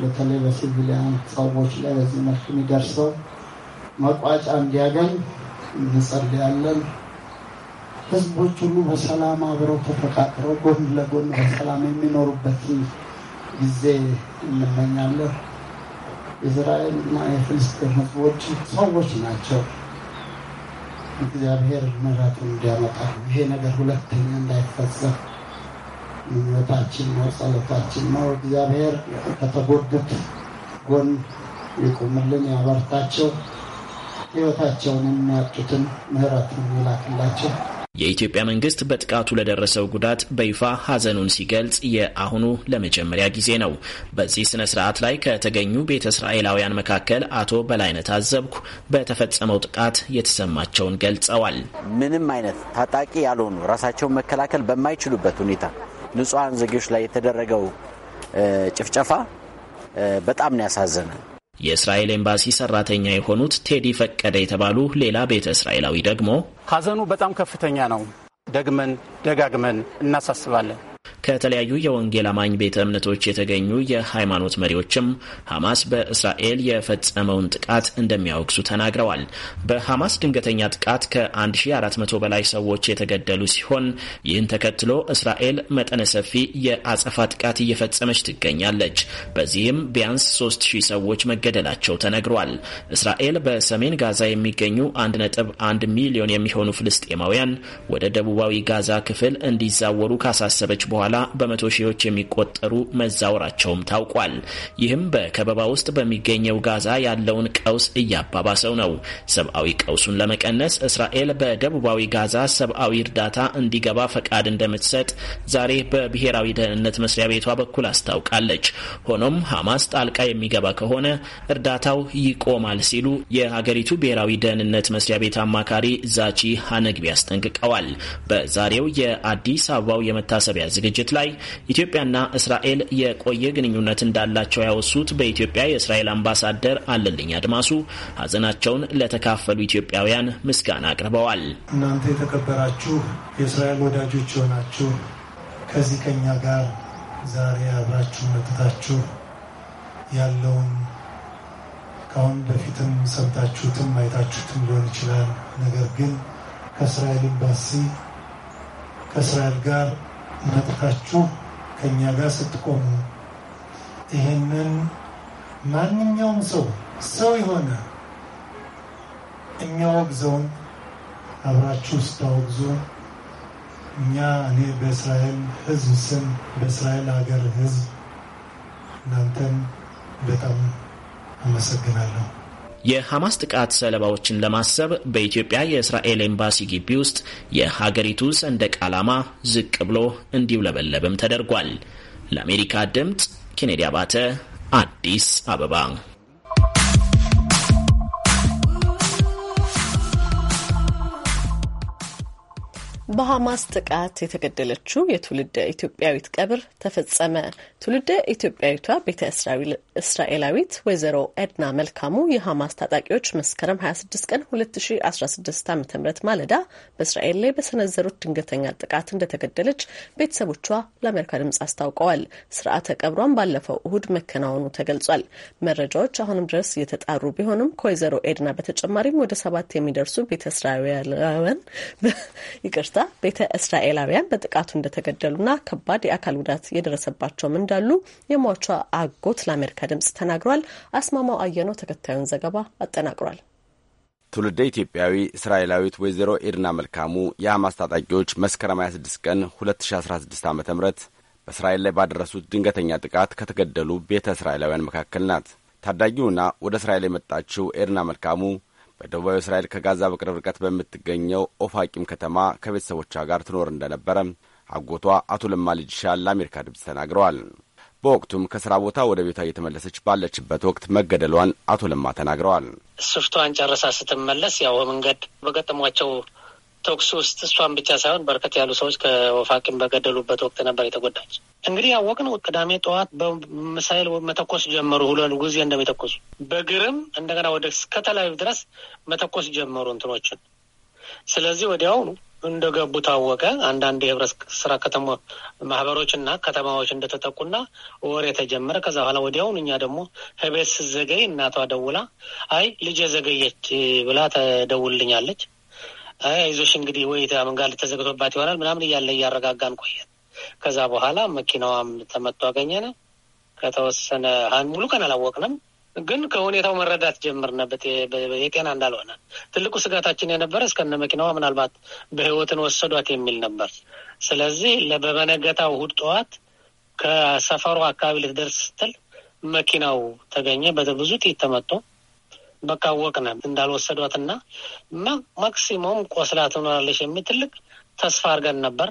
በተለይ በሲቪሊያን ሰዎች ላይ በዚህ መልክ የሚደርሰው መቋጫ እንዲያገኝ እንጸልያለን። ህዝቦች ሁሉ በሰላም አብረው ተፈቃቅረው ጎን ለጎን በሰላም የሚኖሩበት ጊዜ እስራኤል የእስራኤልና የፍልስጤን ህዝቦች ሰዎች ናቸው። እግዚአብሔር ምሕረቱን እንዲያመጣ ይሄ ነገር ሁለተኛ እንዳይፈጸም ምኞታችን ነው፣ ጸሎታችን ነው። እግዚአብሔር ከተጎዱት ጎን ይቁምልን፣ ያበርታቸው፣ ህይወታቸውን የሚያጡትን ምሕረቱን ይላክላቸው። የኢትዮጵያ መንግስት በጥቃቱ ለደረሰው ጉዳት በይፋ ሐዘኑን ሲገልጽ የአሁኑ ለመጀመሪያ ጊዜ ነው። በዚህ ስነ ስርዓት ላይ ከተገኙ ቤተ እስራኤላውያን መካከል አቶ በላይነት አዘብኩ በተፈጸመው ጥቃት የተሰማቸውን ገልጸዋል። ምንም አይነት ታጣቂ ያልሆኑ ራሳቸውን መከላከል በማይችሉበት ሁኔታ ንጹሐን ዜጎች ላይ የተደረገው ጭፍጨፋ በጣም ነው ያሳዘነ የእስራኤል ኤምባሲ ሰራተኛ የሆኑት ቴዲ ፈቀደ የተባሉ ሌላ ቤተ እስራኤላዊ ደግሞ ሀዘኑ በጣም ከፍተኛ ነው ደግመን ደጋግመን እናሳስባለን ከተለያዩ የወንጌል አማኝ ቤተ እምነቶች የተገኙ የሃይማኖት መሪዎችም ሐማስ በእስራኤል የፈጸመውን ጥቃት እንደሚያወግዙ ተናግረዋል። በሐማስ ድንገተኛ ጥቃት ከ1400 በላይ ሰዎች የተገደሉ ሲሆን ይህን ተከትሎ እስራኤል መጠነ ሰፊ የአጸፋ ጥቃት እየፈጸመች ትገኛለች። በዚህም ቢያንስ 3000 ሰዎች መገደላቸው ተነግሯል። እስራኤል በሰሜን ጋዛ የሚገኙ 1.1 ሚሊዮን የሚሆኑ ፍልስጤማውያን ወደ ደቡባዊ ጋዛ ክፍል እንዲዛወሩ ካሳሰበች በኋላ በመቶ ሺዎች የሚቆጠሩ መዛወራቸውም ታውቋል። ይህም በከበባ ውስጥ በሚገኘው ጋዛ ያለውን ቀውስ እያባባሰው ነው። ሰብአዊ ቀውሱን ለመቀነስ እስራኤል በደቡባዊ ጋዛ ሰብአዊ እርዳታ እንዲገባ ፈቃድ እንደምትሰጥ ዛሬ በብሔራዊ ደህንነት መስሪያ ቤቷ በኩል አስታውቃለች። ሆኖም ሐማስ ጣልቃ የሚገባ ከሆነ እርዳታው ይቆማል ሲሉ የሀገሪቱ ብሔራዊ ደህንነት መስሪያ ቤት አማካሪ ዛቺ ሀነግቢ አስጠንቅቀዋል። በዛሬው የአዲስ አበባው የመታሰቢያ ዝግጅት ላይ ኢትዮጵያና እስራኤል የቆየ ግንኙነት እንዳላቸው ያወሱት በኢትዮጵያ የእስራኤል አምባሳደር አለልኝ አድማሱ ሀዘናቸውን ለተካፈሉ ኢትዮጵያውያን ምስጋና አቅርበዋል። እናንተ የተከበራችሁ የእስራኤል ወዳጆች የሆናችሁ ከዚህ ከኛ ጋር ዛሬ አብራችሁ መጥታችሁ ያለውን ከአሁን በፊትም ሰምታችሁትም አይታችሁትም ሊሆን ይችላል። ነገር ግን ከእስራኤል ኤምባሲ ከእስራኤል ጋር መጥታችሁ ከእኛ ጋር ስትቆሙ ይህንን ማንኛውም ሰው ሰው የሆነ የሚያወግዘውን አብራችሁ ስታወግዙ እኛ እኔ በእስራኤል ሕዝብ ስም በእስራኤል ሀገር ሕዝብ እናንተን በጣም አመሰግናለሁ። የሐማስ ጥቃት ሰለባዎችን ለማሰብ በኢትዮጵያ የእስራኤል ኤምባሲ ግቢ ውስጥ የሀገሪቱ ሰንደቅ ዓላማ ዝቅ ብሎ እንዲውለበለብም ተደርጓል። ለአሜሪካ ድምፅ ኬኔዲ አባተ አዲስ አበባ በሐማስ ጥቃት የተገደለችው የትውልደ ኢትዮጵያዊት ቀብር ተፈጸመ። ትውልደ ኢትዮጵያዊቷ ቤተ እስራኤላዊት ወይዘሮ ኤድና መልካሙ የሐማስ ታጣቂዎች መስከረም 26 ቀን 2016 ዓ ም ማለዳ በእስራኤል ላይ በሰነዘሩት ድንገተኛ ጥቃት እንደተገደለች ቤተሰቦቿ ለአሜሪካ ድምጽ አስታውቀዋል። ስርዓተ ቀብሯን ባለፈው እሁድ መከናወኑ ተገልጿል። መረጃዎች አሁንም ድረስ እየተጣሩ ቢሆንም ከወይዘሮ ኤድና በተጨማሪም ወደ ሰባት የሚደርሱ ቤተ እስራኤላውያን ይቅርታ ቤተ እስራኤላውያን በጥቃቱ እንደተገደሉና ከባድ የአካል ጉዳት የደረሰባቸውም እንዳሉ የሟቿ አጎት ለአሜሪካ ድምጽ ተናግሯል። አስማማው አየነው ተከታዩን ዘገባ አጠናቅሯል። ትውልደ ኢትዮጵያዊ እስራኤላዊት ወይዘሮ ኤድና መልካሙ የሐማስ ታጣቂዎች መስከረም 26 ቀን 2016 ዓ ም በእስራኤል ላይ ባደረሱት ድንገተኛ ጥቃት ከተገደሉ ቤተ እስራኤላውያን መካከል ናት። ታዳጊውና ወደ እስራኤል የመጣችው ኤድና መልካሙ በደቡባዊ እስራኤል ከጋዛ በቅርብ ርቀት በምትገኘው ኦፋቂም ከተማ ከቤተሰቦቿ ጋር ትኖር እንደነበረ አጎቷ አቶ ለማ ልጅሻ ለአሜሪካ ድምፅ ተናግረዋል። በወቅቱም ከስራ ቦታ ወደ ቤቷ እየተመለሰች ባለችበት ወቅት መገደሏን አቶ ለማ ተናግረዋል። ስፍቷን ጨርሳ ስትመለስ ያው መንገድ በገጠሟቸው ተኩስ ውስጥ እሷን ብቻ ሳይሆን በርከት ያሉ ሰዎች ከወፋቅን በገደሉበት ወቅት ነበር የተጎዳች። እንግዲህ ያወቅነው ቅዳሜ ጠዋት በሚሳይል መተኮስ ጀመሩ። ሁለት ጊዜ እንደሚተኮሱ በግርም እንደገና ወደ እስከ ድረስ መተኮስ ጀመሩ እንትኖችን። ስለዚህ ወዲያውኑ እንደገቡ ታወቀ። አንዳንድ የህብረት ስራ ከተማ ማህበሮችና ከተማዎች እንደተጠቁና ወሬ ተጀመረ። ከዛ በኋላ ወዲያውን እኛ ደግሞ ህቤት ስዘገይ እናቷ ደውላ አይ ልጄ ዘገየች ብላ ተደውልልኛለች። አይዞሽ እንግዲህ ወይ ጋር ልተዘግቶባት ይሆናል ምናምን እያለ እያረጋጋን ቆየን። ከዛ በኋላ መኪናዋም ተመቶ አገኘነ ከተወሰነ ሙሉ ቀን አላወቅንም፣ ግን ከሁኔታው መረዳት ጀምርነበት የጤና እንዳልሆነ። ትልቁ ስጋታችን የነበረ እስከነ መኪናዋ ምናልባት በህይወትን ወሰዷት የሚል ነበር። ስለዚህ በበነገታው እሑድ ጠዋት ከሰፈሩ አካባቢ ልትደርስ ስትል መኪናው ተገኘ። በብዙ ጥይት ተመቶ መቃወቅ ነ እንዳልወሰዷት ና ማክሲሞም ቆስላ ትኖራለች የሚል ትልቅ ተስፋ አድርገን ነበር።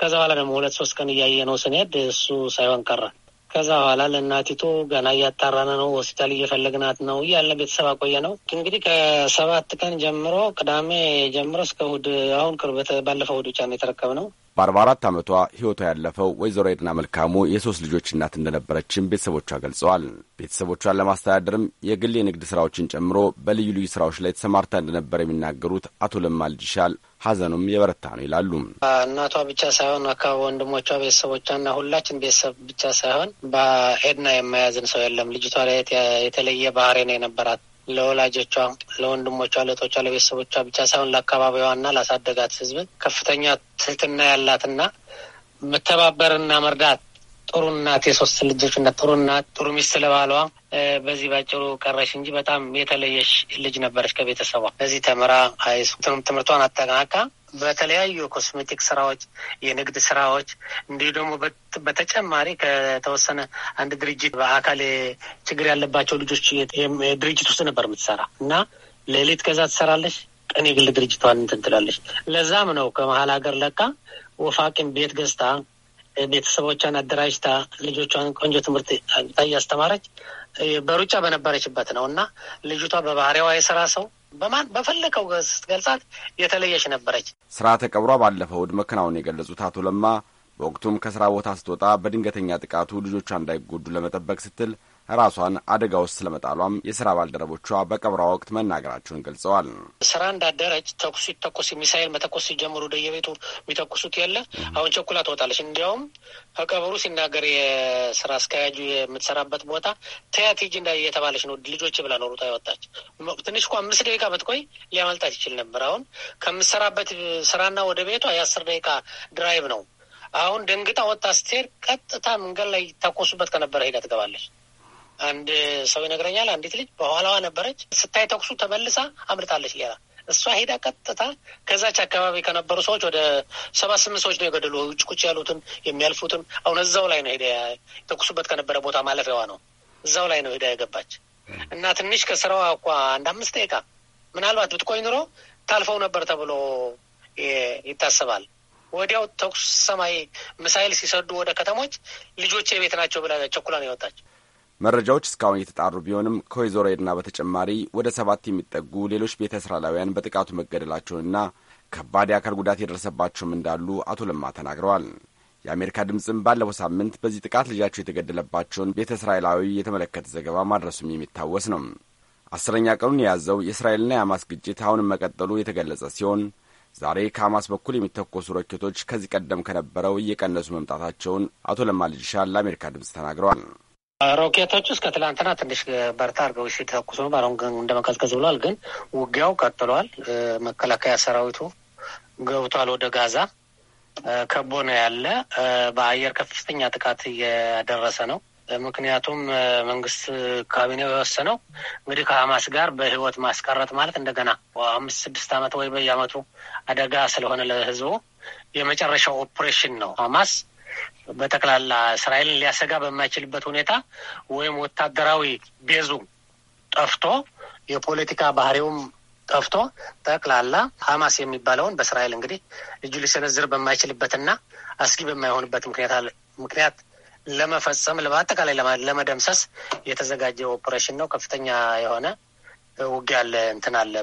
ከዛ በኋላ ደግሞ ሁለት ሶስት ቀን እያየ ነው ስንሄድ እሱ ሳይሆን ቀረ። ከዛ በኋላ ለእናቲቱ ገና እያጣራን ነው፣ ሆስፒታል እየፈለግናት ነው እያለ ቤተሰብ አቆየ ነው እንግዲህ ከሰባት ቀን ጀምሮ ቅዳሜ ጀምሮ እስከ እሑድ አሁን ቅርብ ባለፈው እሑድ ብቻ ነው ነው። በ44 ዓመቷ ሕይወቷ ያለፈው ወይዘሮ ኤድና መልካሙ የሦስት ልጆች እናት እንደነበረችም ቤተሰቦቿ ገልጸዋል። ቤተሰቦቿን ለማስተዳደርም የግል የንግድ ሥራዎችን ጨምሮ በልዩ ልዩ ሥራዎች ላይ ተሰማርታ እንደነበር የሚናገሩት አቶ ለማ ልጅሻል ሐዘኑም የበረታ ነው ይላሉ። እናቷ ብቻ ሳይሆን አካባቢ ወንድሞቿ፣ ቤተሰቦቿና ሁላችን ቤተሰብ ብቻ ሳይሆን በኤድና የማያዝን ሰው የለም። ልጅቷ ላይ የተለየ ባህሪ ነው የነበራት ለወላጆቿ፣ ለወንድሞቿ፣ ለእህቶቿ፣ ለቤተሰቦቿ ብቻ ሳይሆን ለአካባቢዋና ላሳደጋት ህዝብ ከፍተኛ ትህትና ያላትና መተባበርና መርዳት ጥሩ እናት፣ የሶስት ልጆች እናት፣ ጥሩ እናት፣ ጥሩ ሚስት ለባሏ በዚህ ባጭሩ ቀረሽ እንጂ በጣም የተለየሽ ልጅ ነበረች ከቤተሰቧ። በዚህ ተምራ አይስ ትምህርቷን አጠናቃ በተለያዩ ኮስሜቲክ ስራዎች፣ የንግድ ስራዎች እንዲሁ ደግሞ በተጨማሪ ከተወሰነ አንድ ድርጅት በአካል ችግር ያለባቸው ልጆች ድርጅት ውስጥ ነበር የምትሰራ እና ሌሊት ከዛ ትሰራለች፣ ቀን የግል ድርጅቷን እንትን ትላለች። ለዛም ነው ከመሀል ሀገር ለቃ ወፋቂን ቤት ገዝታ ቤተሰቦቿን አደራጅታ ልጆቿን ቆንጆ ትምህርት አግኝታ እያስተማረች በሩጫ በነበረችበት ነው እና ልጅቷ በባህሪዋ የስራ ሰው በማን በፈለከው ስትገልጻት የተለየች ነበረች። ስርዓተ ቀብሯ ባለፈው እሁድ መከናወን የገለጹት አቶ ለማ በወቅቱም ከስራ ቦታ ስትወጣ በድንገተኛ ጥቃቱ ልጆቿ እንዳይጎዱ ለመጠበቅ ስትል ራሷን አደጋ ውስጥ ስለመጣሏም የስራ ባልደረቦቿ በቀብሯ ወቅት መናገራቸውን ገልጸዋል። ስራ እንዳደረች ተኩስ ሲተኮስ ሚሳኤል መተኮስ ሲጀምሩ ደየቤቱ የሚተኩሱት የለ አሁን ቸኩላ ትወጣለች። እንዲያውም ከቀብሩ ሲናገር የስራ አስኪያጁ የምትሰራበት ቦታ ተያቲጅ እንዳ እየተባለች ነው ልጆች ብላ ኖሩታ ይወጣች። ትንሽ እኮ አምስት ደቂቃ ብትቆይ ሊያመልጣት ይችል ነበር። አሁን ከምትሰራበት ስራና ወደ ቤቷ የአስር ደቂቃ ድራይቭ ነው። አሁን ደንግጣ ወጣ ስትሄድ ቀጥታ መንገድ ላይ ይታኮሱበት ከነበረ ሄዳ ትገባለች። አንድ ሰው ይነግረኛል። አንዲት ልጅ በኋላዋ ነበረች። ስታይ ተኩሱ ተመልሳ አምልጣለች። ሌላ እሷ ሄዳ ቀጥታ ከዛች አካባቢ ከነበሩ ሰዎች ወደ ሰባት ስምንት ሰዎች ነው የገደሉ። ውጭ ቁጭ ያሉትን የሚያልፉትን አሁን እዛው ላይ ነው ሄዳ የተኩሱበት ከነበረ ቦታ ማለፊያዋ ነው። እዛው ላይ ነው ሄዳ የገባች እና ትንሽ ከስራዋ እኳ አንድ አምስት ደቂቃ ምናልባት ብትቆይ ኑሮ ታልፈው ነበር ተብሎ ይታሰባል። ወዲያው ተኩስ ሰማይ ምሳይል ሲሰዱ ወደ ከተሞች ልጆች ቤት ናቸው ብላ ቸኩላ ነው የወጣቸው። መረጃዎች እስካሁን እየተጣሩ ቢሆንም ከወይዘሮይድና በተጨማሪ ወደ ሰባት የሚጠጉ ሌሎች ቤተ እስራኤላውያን በጥቃቱ መገደላቸውንና ከባድ የአካል ጉዳት የደረሰባቸውም እንዳሉ አቶ ለማ ተናግረዋል። የአሜሪካ ድምፅም ባለፈው ሳምንት በዚህ ጥቃት ልጃቸው የተገደለባቸውን ቤተ እስራኤላዊ የተመለከተ ዘገባ ማድረሱም የሚታወስ ነው። አስረኛ ቀኑን የያዘው የእስራኤልና የአማስ ግጭት አሁንም መቀጠሉ የተገለጸ ሲሆን ዛሬ ከሐማስ በኩል የሚተኮሱ ሮኬቶች ከዚህ ቀደም ከነበረው እየቀነሱ መምጣታቸውን አቶ ለማ ልጅሻ ለአሜሪካ ድምፅ ተናግረዋል። ሮኬቶች እስከ ትላንትና ትንሽ በርታ አድርገው እሺ ተኩስ ነው። አሁን ግን እንደመቀዝቀዝ ብሏል። ግን ውጊያው ቀጥሏል። መከላከያ ሰራዊቱ ገብቷል ወደ ጋዛ ከቦ ነው ያለ። በአየር ከፍተኛ ጥቃት እየደረሰ ነው። ምክንያቱም መንግስት ካቢኔው የወሰነው እንግዲህ ከሀማስ ጋር በህይወት ማስቀረት ማለት እንደገና አምስት ስድስት ዓመት ወይ በየአመቱ አደጋ ስለሆነ ለህዝቡ የመጨረሻው ኦፕሬሽን ነው ሀማስ በጠቅላላ እስራኤልን ሊያሰጋ በማይችልበት ሁኔታ ወይም ወታደራዊ ቤዙ ጠፍቶ የፖለቲካ ባህሪውም ጠፍቶ ጠቅላላ ሀማስ የሚባለውን በእስራኤል እንግዲህ እጁ ሊሰነዝር በማይችልበትና አስጊ በማይሆንበት ምክንያት ለመፈጸም በአጠቃላይ ለመደምሰስ የተዘጋጀ ኦፕሬሽን ነው። ከፍተኛ የሆነ ውጊያ አለ እንትን አለ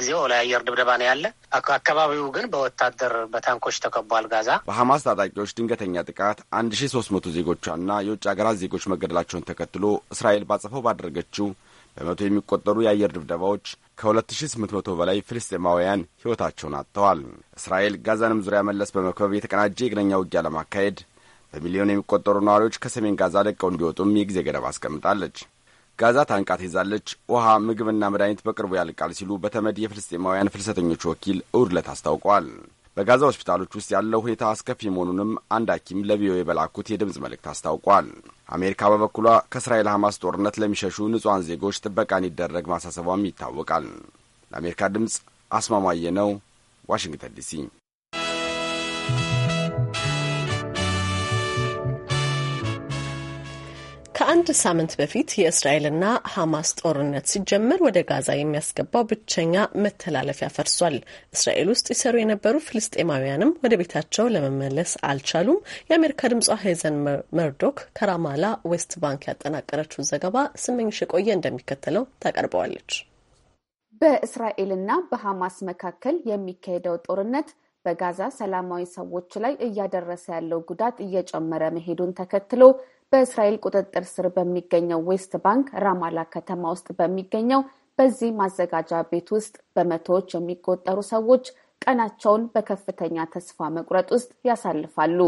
ጊዜው ለአየር ድብደባ ነው ያለ። አካባቢው ግን በወታደር በታንኮች ተከቧል። ጋዛ በሐማስ ታጣቂዎች ድንገተኛ ጥቃት አንድ ሺ ሶስት መቶ ዜጎቿና የውጭ ሀገራት ዜጎች መገደላቸውን ተከትሎ እስራኤል ባጸፈው ባደረገችው በመቶ የሚቆጠሩ የአየር ድብደባዎች ከ2800 በላይ ፍልስጤማውያን ሕይወታቸውን አጥተዋል። እስራኤል ጋዛንም ዙሪያ መለስ በመክበብ የተቀናጀ የእግረኛ ውጊያ ለማካሄድ በሚሊዮን የሚቆጠሩ ነዋሪዎች ከሰሜን ጋዛ ለቀው እንዲወጡም የጊዜ ገደብ አስቀምጣለች። ጋዛ ታንቃ ትይዛለች፣ ውሃ፣ ምግብና መድኃኒት በቅርቡ ያልቃል ሲሉ በተመድ የፍልስጤማውያን ፍልሰተኞች ወኪል እሁድ ዕለት በጋዛ ሆስፒታሎች ውስጥ ያለው ሁኔታ አስከፊ መሆኑንም አንድ ሐኪም ለቪኦኤ በላኩት የድምፅ መልእክት አስታውቋል። አሜሪካ በበኩሏ ከእስራኤል ሐማስ ጦርነት ለሚሸሹ ንጹሐን ዜጎች ጥበቃ እንዲደረግ ማሳሰቧም ይታወቃል። ለአሜሪካ ድምፅ አስማማየ ነው፣ ዋሽንግተን ዲሲ ከአንድ ሳምንት በፊት የእስራኤልና ሐማስ ጦርነት ሲጀመር ወደ ጋዛ የሚያስገባው ብቸኛ መተላለፊያ ፈርሷል። እስራኤል ውስጥ ይሰሩ የነበሩ ፍልስጤማውያንም ወደ ቤታቸው ለመመለስ አልቻሉም። የአሜሪካ ድምጿ ሄዘን መርዶክ ከራማላ ዌስት ባንክ ያጠናቀረችው ዘገባ ስመኝሽ የቆየ እንደሚከተለው ታቀርበዋለች። በእስራኤልና በሐማስ መካከል የሚካሄደው ጦርነት በጋዛ ሰላማዊ ሰዎች ላይ እያደረሰ ያለው ጉዳት እየጨመረ መሄዱን ተከትሎ በእስራኤል ቁጥጥር ስር በሚገኘው ዌስት ባንክ ራማላ ከተማ ውስጥ በሚገኘው በዚህ ማዘጋጃ ቤት ውስጥ በመቶዎች የሚቆጠሩ ሰዎች ቀናቸውን በከፍተኛ ተስፋ መቁረጥ ውስጥ ያሳልፋሉ።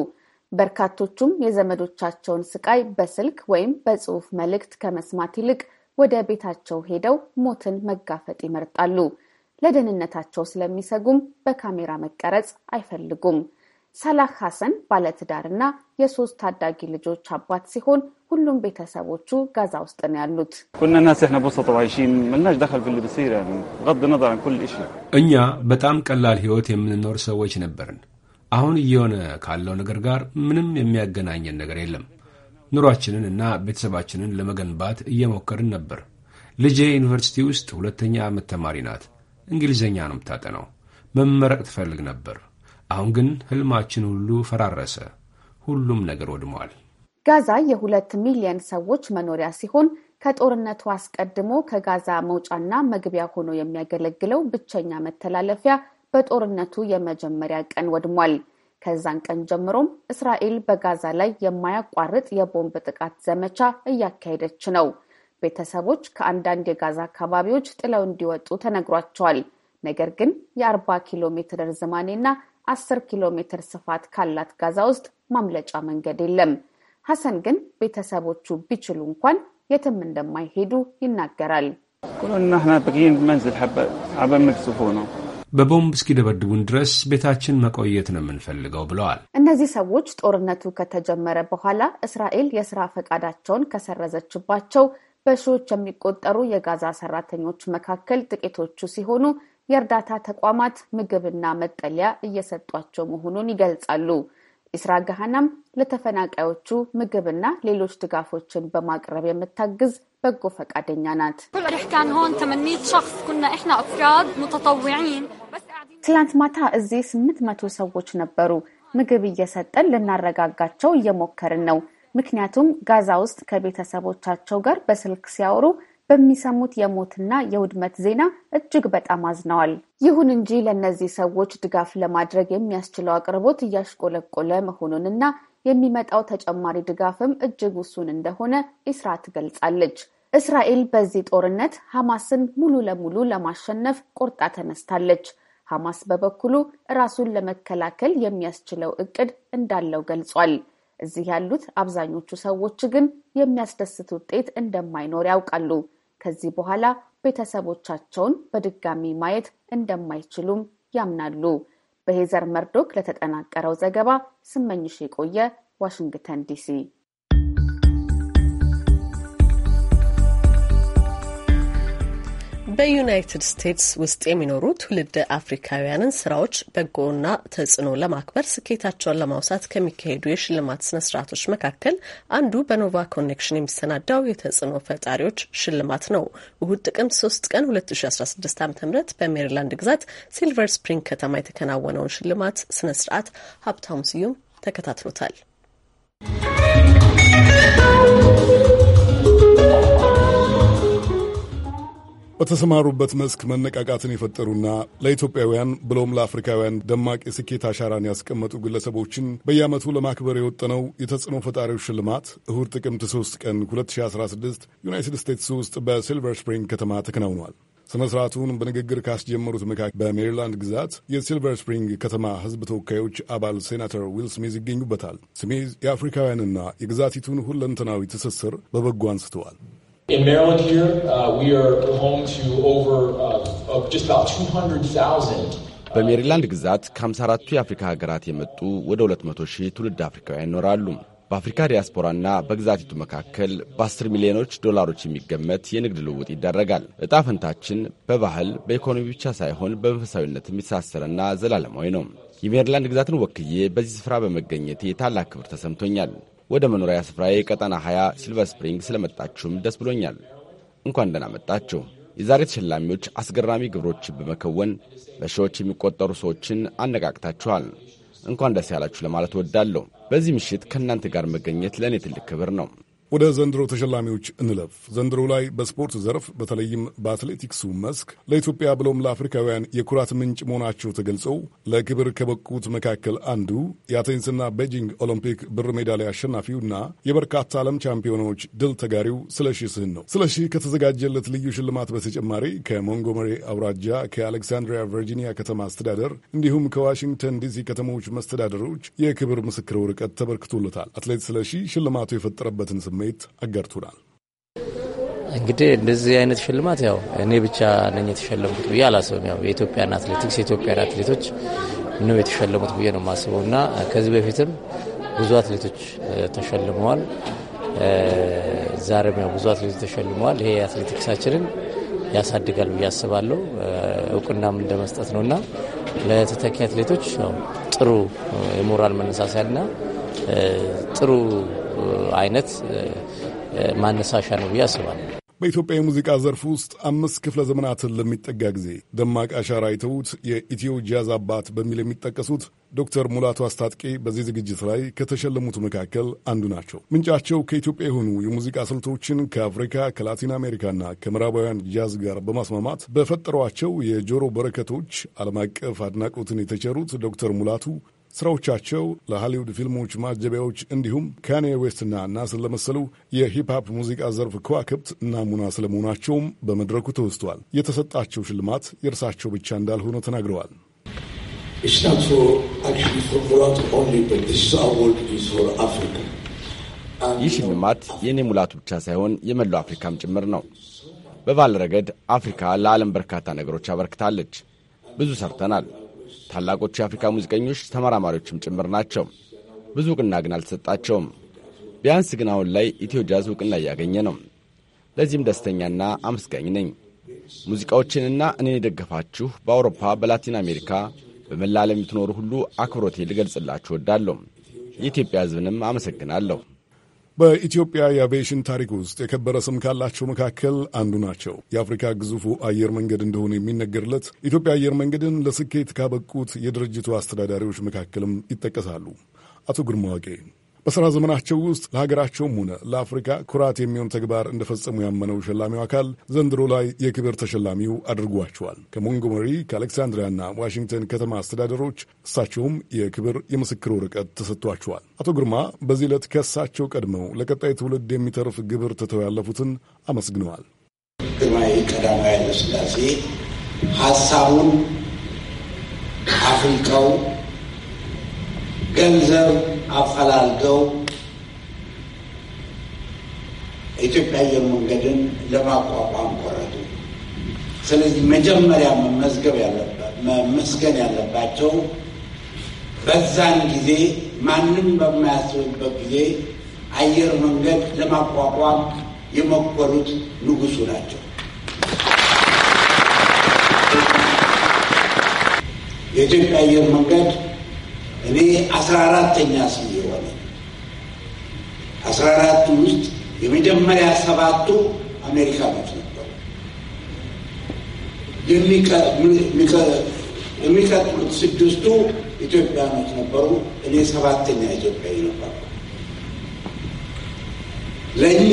በርካቶቹም የዘመዶቻቸውን ስቃይ በስልክ ወይም በጽሑፍ መልእክት ከመስማት ይልቅ ወደ ቤታቸው ሄደው ሞትን መጋፈጥ ይመርጣሉ። ለደህንነታቸው ስለሚሰጉም በካሜራ መቀረጽ አይፈልጉም። ሳላህ ሐሰን ባለትዳርና የሶስት ታዳጊ ልጆች አባት ሲሆን ሁሉም ቤተሰቦቹ ጋዛ ውስጥ ነው ያሉት። እኛ በጣም ቀላል ህይወት የምንኖር ሰዎች ነበርን። አሁን እየሆነ ካለው ነገር ጋር ምንም የሚያገናኘን ነገር የለም። ኑሯችንን እና ቤተሰባችንን ለመገንባት እየሞከርን ነበር። ልጄ ዩኒቨርሲቲ ውስጥ ሁለተኛ ዓመት ተማሪ ናት። እንግሊዝኛ ነው የምታጠናው። መመረቅ ትፈልግ ነበር አሁን ግን ህልማችን ሁሉ ፈራረሰ። ሁሉም ነገር ወድሟል። ጋዛ የሁለት ሚሊየን ሰዎች መኖሪያ ሲሆን ከጦርነቱ አስቀድሞ ከጋዛ መውጫና መግቢያ ሆኖ የሚያገለግለው ብቸኛ መተላለፊያ በጦርነቱ የመጀመሪያ ቀን ወድሟል። ከዛን ቀን ጀምሮም እስራኤል በጋዛ ላይ የማያቋርጥ የቦምብ ጥቃት ዘመቻ እያካሄደች ነው። ቤተሰቦች ከአንዳንድ የጋዛ አካባቢዎች ጥለው እንዲወጡ ተነግሯቸዋል። ነገር ግን የአርባ ኪሎ ሜትር ርዝማኔና አስር ኪሎ ሜትር ስፋት ካላት ጋዛ ውስጥ ማምለጫ መንገድ የለም። ሐሰን ግን ቤተሰቦቹ ቢችሉ እንኳን የትም እንደማይሄዱ ይናገራል። በቦምብ እስኪደበድቡን ድረስ ቤታችን መቆየት ነው የምንፈልገው ብለዋል። እነዚህ ሰዎች ጦርነቱ ከተጀመረ በኋላ እስራኤል የስራ ፈቃዳቸውን ከሰረዘችባቸው በሺዎች የሚቆጠሩ የጋዛ ሰራተኞች መካከል ጥቂቶቹ ሲሆኑ የእርዳታ ተቋማት ምግብና መጠለያ እየሰጧቸው መሆኑን ይገልጻሉ። ኢስራ ገሃናም ለተፈናቃዮቹ ምግብና ሌሎች ድጋፎችን በማቅረብ የምታግዝ በጎ ፈቃደኛ ናት። ትላንት ማታ እዚህ ስምንት መቶ ሰዎች ነበሩ። ምግብ እየሰጠን ልናረጋጋቸው እየሞከርን ነው። ምክንያቱም ጋዛ ውስጥ ከቤተሰቦቻቸው ጋር በስልክ ሲያወሩ በሚሰሙት የሞትና የውድመት ዜና እጅግ በጣም አዝነዋል። ይሁን እንጂ ለእነዚህ ሰዎች ድጋፍ ለማድረግ የሚያስችለው አቅርቦት እያሽቆለቆለ መሆኑንና የሚመጣው ተጨማሪ ድጋፍም እጅግ ውሱን እንደሆነ ኢስራ ትገልጻለች። እስራኤል በዚህ ጦርነት ሐማስን ሙሉ ለሙሉ ለማሸነፍ ቆርጣ ተነስታለች። ሐማስ በበኩሉ ራሱን ለመከላከል የሚያስችለው እቅድ እንዳለው ገልጿል። እዚህ ያሉት አብዛኞቹ ሰዎች ግን የሚያስደስት ውጤት እንደማይኖር ያውቃሉ። ከዚህ በኋላ ቤተሰቦቻቸውን በድጋሚ ማየት እንደማይችሉም ያምናሉ። በሄዘር መርዶክ ለተጠናቀረው ዘገባ ስመኝሽ የቆየ ዋሽንግተን ዲሲ በዩናይትድ ስቴትስ ውስጥ የሚኖሩ ትውልደ አፍሪካውያንን ስራዎች በጎና ተጽዕኖ ለማክበር ስኬታቸውን ለማውሳት ከሚካሄዱ የሽልማት ስነ ስርዓቶች መካከል አንዱ በኖቫ ኮኔክሽን የሚሰናዳው የተጽዕኖ ፈጣሪዎች ሽልማት ነው። እሁድ ጥቅምት 3 ቀን 2016 ዓ ም በሜሪላንድ ግዛት ሲልቨር ስፕሪንግ ከተማ የተከናወነውን ሽልማት ስነ ስርዓት ሀብታሙ ስዩም ተከታትሎታል። በተሰማሩበት መስክ መነቃቃትን የፈጠሩና ለኢትዮጵያውያን ብሎም ለአፍሪካውያን ደማቅ የስኬት አሻራን ያስቀመጡ ግለሰቦችን በየዓመቱ ለማክበር የወጠነው የተጽዕኖ ፈጣሪዎች ሽልማት እሁድ ጥቅምት 3 ቀን 2016 ዩናይትድ ስቴትስ ውስጥ በሲልቨር ስፕሪንግ ከተማ ተከናውኗል። ስነ ስርዓቱን በንግግር ካስጀመሩት መካከል በሜሪላንድ ግዛት የሲልቨር ስፕሪንግ ከተማ ሕዝብ ተወካዮች አባል ሴናተር ዊል ስሚዝ ይገኙበታል። ስሚዝ የአፍሪካውያንና የግዛቲቱን ሁለንተናዊ ትስስር በበጎ አንስተዋል። In Maryland here, uh, we are home to over uh, just about 200,000 uh, በሜሪላንድ ግዛት ከ54ቱ የአፍሪካ ሀገራት የመጡ ወደ 200 ሺህ ትውልድ አፍሪካውያን ይኖራሉ። በአፍሪካ ዲያስፖራና በግዛቲቱ መካከል በ10 ሚሊዮኖች ዶላሮች የሚገመት የንግድ ልውውጥ ይደረጋል። ዕጣ ፈንታችን በባህል በኢኮኖሚ ብቻ ሳይሆን በመንፈሳዊነት የሚተሳሰረና ዘላለማዊ ነው። የሜሪላንድ ግዛትን ወክዬ በዚህ ስፍራ በመገኘቴ ታላቅ ክብር ተሰምቶኛል። ወደ መኖሪያ ስፍራዬ ቀጠና 20 ሲልቨር ስፕሪንግ ስለመጣችሁም ደስ ብሎኛል። እንኳን ደህና መጣችሁ። የዛሬ ተሸላሚዎች አስገራሚ ግብሮችን በመከወን በሺዎች የሚቆጠሩ ሰዎችን አነቃቅታችኋል። እንኳን ደስ ያላችሁ ለማለት እወዳለሁ። በዚህ ምሽት ከእናንተ ጋር መገኘት ለእኔ ትልቅ ክብር ነው። ወደ ዘንድሮ ተሸላሚዎች እንለፍ። ዘንድሮ ላይ በስፖርት ዘርፍ በተለይም በአትሌቲክሱ መስክ ለኢትዮጵያ ብሎም ለአፍሪካውያን የኩራት ምንጭ መሆናቸው ተገልጸው ለክብር ከበቁት መካከል አንዱ የአቴንስና ቤጂንግ ኦሎምፒክ ብር ሜዳሊያ አሸናፊው እና የበርካታ ዓለም ቻምፒዮኖች ድል ተጋሪው ስለሺ ስህን ነው። ስለሺ ከተዘጋጀለት ልዩ ሽልማት በተጨማሪ ከሞንጎመሪ አውራጃ፣ ከአሌክሳንድሪያ ቨርጂኒያ ከተማ አስተዳደር እንዲሁም ከዋሽንግተን ዲሲ ከተሞች መስተዳደሮች የክብር ምስክር ወረቀት ተበርክቶለታል። አትሌት ስለሺ ሽልማቱ የፈጠረበትን ስሜት ስሜት አጋርቶናል። እንግዲህ እንደዚህ አይነት ሽልማት ያው እኔ ብቻ ነኝ የተሸለሙት ብዬ አላስብም። ያው የኢትዮጵያን አትሌቲክስ የኢትዮጵያን አትሌቶች ነው የተሸለሙት ብዬ ነው የማስበው እና ከዚህ በፊትም ብዙ አትሌቶች ተሸልመዋል። ዛሬም ያው ብዙ አትሌቶች ተሸልመዋል። ይሄ አትሌቲክሳችንን ያሳድጋል ብዬ አስባለሁ። እውቅናም እንደመስጠት ነው እና ለተተኪ አትሌቶች ጥሩ የሞራል መነሳሳያና ጥሩ አይነት ማነሳሻ ነው ብዬ አስባለሁ። በኢትዮጵያ የሙዚቃ ዘርፍ ውስጥ አምስት ክፍለ ዘመናትን ለሚጠጋ ጊዜ ደማቅ አሻራ የተዉት የኢትዮ ጃዝ አባት በሚል የሚጠቀሱት ዶክተር ሙላቱ አስታጥቄ በዚህ ዝግጅት ላይ ከተሸለሙት መካከል አንዱ ናቸው። ምንጫቸው ከኢትዮጵያ የሆኑ የሙዚቃ ስልቶችን ከአፍሪካ ከላቲን አሜሪካና ከምዕራባውያን ጃዝ ጋር በማስማማት በፈጠሯቸው የጆሮ በረከቶች ዓለም አቀፍ አድናቆትን የተቸሩት ዶክተር ሙላቱ ስራዎቻቸው ለሃሊውድ ፊልሞች ማጀቢያዎች እንዲሁም ካኔ ዌስትና ናስን ለመሰሉ የሂፕሃፕ ሙዚቃ ዘርፍ ከዋክብት ናሙና ስለመሆናቸውም በመድረኩ ተወስቷል። የተሰጣቸው ሽልማት የእርሳቸው ብቻ እንዳልሆነ ተናግረዋል። ይህ ሽልማት የእኔ ሙላቱ ብቻ ሳይሆን የመላው አፍሪካም ጭምር ነው። በባል ረገድ አፍሪካ ለዓለም በርካታ ነገሮች አበርክታለች። ብዙ ሰርተናል። ታላቆቹ የአፍሪካ ሙዚቀኞች ተመራማሪዎችም ጭምር ናቸው። ብዙ እውቅና ግን አልተሰጣቸውም። ቢያንስ ግን አሁን ላይ ኢትዮ ጃዝ እውቅና እያገኘ ነው። ለዚህም ደስተኛና አመስጋኝ ነኝ። ሙዚቃዎችንና እኔን የደገፋችሁ በአውሮፓ፣ በላቲን አሜሪካ፣ በመላ ዓለም የምትኖሩ ሁሉ አክብሮቴ ልገልጽላችሁ እወዳለሁ። የኢትዮጵያ ሕዝብንም አመሰግናለሁ። በኢትዮጵያ የአቪዬሽን ታሪክ ውስጥ የከበረ ስም ካላቸው መካከል አንዱ ናቸው። የአፍሪካ ግዙፉ አየር መንገድ እንደሆነ የሚነገርለት ኢትዮጵያ አየር መንገድን ለስኬት ካበቁት የድርጅቱ አስተዳዳሪዎች መካከልም ይጠቀሳሉ። አቶ ግርማዋቄ በሥራ ዘመናቸው ውስጥ ለሀገራቸውም ሆነ ለአፍሪካ ኩራት የሚሆን ተግባር እንደፈጸሙ ያመነው ሸላሚው አካል ዘንድሮ ላይ የክብር ተሸላሚው አድርጓቸዋል። ከሞንጎመሪ ከአሌክሳንድሪያና ዋሽንግተን ከተማ አስተዳደሮች እሳቸውም የክብር የምስክር ወረቀት ተሰጥቷቸዋል። አቶ ግርማ በዚህ ዕለት ከእሳቸው ቀድመው ለቀጣይ ትውልድ የሚተርፍ ግብር ትተው ያለፉትን አመስግነዋል። ግርማዊ ቀዳማዊ ኃይለ ሥላሴ ሀሳቡን አፍሪካው ገንዘብ አፈላልገው ኢትዮጵያ አየር መንገድን ለማቋቋም ቆረጡ። ስለዚህ መጀመሪያ መመዝገብ መመስገን ያለባቸው በዛን ጊዜ ማንም በማያስብበት ጊዜ አየር መንገድ ለማቋቋም የሞከሩት ንጉሱ ናቸው። የኢትዮጵያ አየር መንገድ እኔ አስራ አራተኛ ስም የሆነ አስራ አራቱ ውስጥ የመጀመሪያ ሰባቱ አሜሪካኖች ነበሩ። የሚቀጥሉት ስድስቱ ኢትዮጵያኖች ነበሩ። እኔ ሰባተኛ ኢትዮጵያዊ ነበሩ። ለእኛ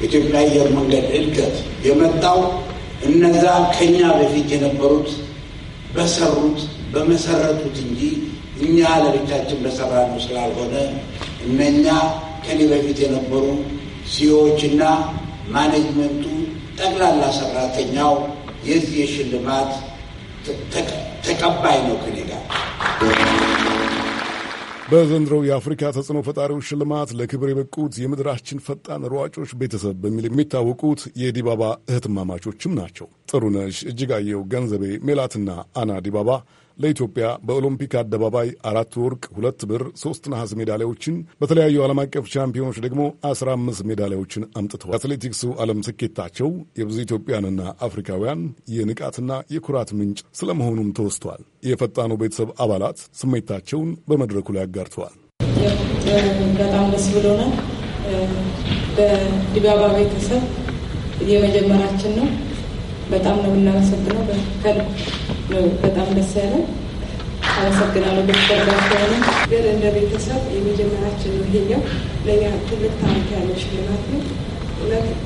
የኢትዮጵያ አየር መንገድ እድገት የመጣው እነዛ ከኛ በፊት የነበሩት በሰሩት በመሰረቱት እንጂ እኛ ለብቻችን በሰራ ነው ስላልሆነ እነኛ ከኔ በፊት የነበሩ ሲዮዎችና ማኔጅመንቱ ጠቅላላ ሰራተኛው የዚህ የሽልማት ተቀባይ ነው ከኔ ጋር። በዘንድሮው የአፍሪካ ተጽዕኖ ፈጣሪዎች ሽልማት ለክብር የበቁት የምድራችን ፈጣን ሯጮች ቤተሰብ በሚል የሚታወቁት የዲባባ እህትማማቾችም ናቸው። ጥሩነሽ እጅጋየው፣ ገንዘቤ ሜላትና አና ዲባባ ለኢትዮጵያ በኦሎምፒክ አደባባይ አራት ወርቅ፣ ሁለት ብር፣ ሶስት ነሐስ ሜዳሊያዎችን በተለያዩ ዓለም አቀፍ ቻምፒዮኖች ደግሞ አስራ አምስት ሜዳሊያዎችን አምጥተዋል። አትሌቲክሱ ዓለም ስኬታቸው የብዙ ኢትዮጵያንና አፍሪካውያን የንቃትና የኩራት ምንጭ ስለመሆኑም ተወስቷል። የፈጣኑ ቤተሰብ አባላት ስሜታቸውን በመድረኩ ላይ አጋርተዋል። በጣም ደስ ብሎናል። በዲባባ ቤተሰብ የመጀመራችን ነው በጣም ነው እናመሰግነው። ከልብ ነው በጣም ደስ ያለን። አመሰግናለሁ። በተደጋጋሚ ነገር እንደ ቤተሰብ የመጀመሪያችን ይሄኛው ለእኛ ትልቅ ታሪክ ያለ ሽልማት ነው።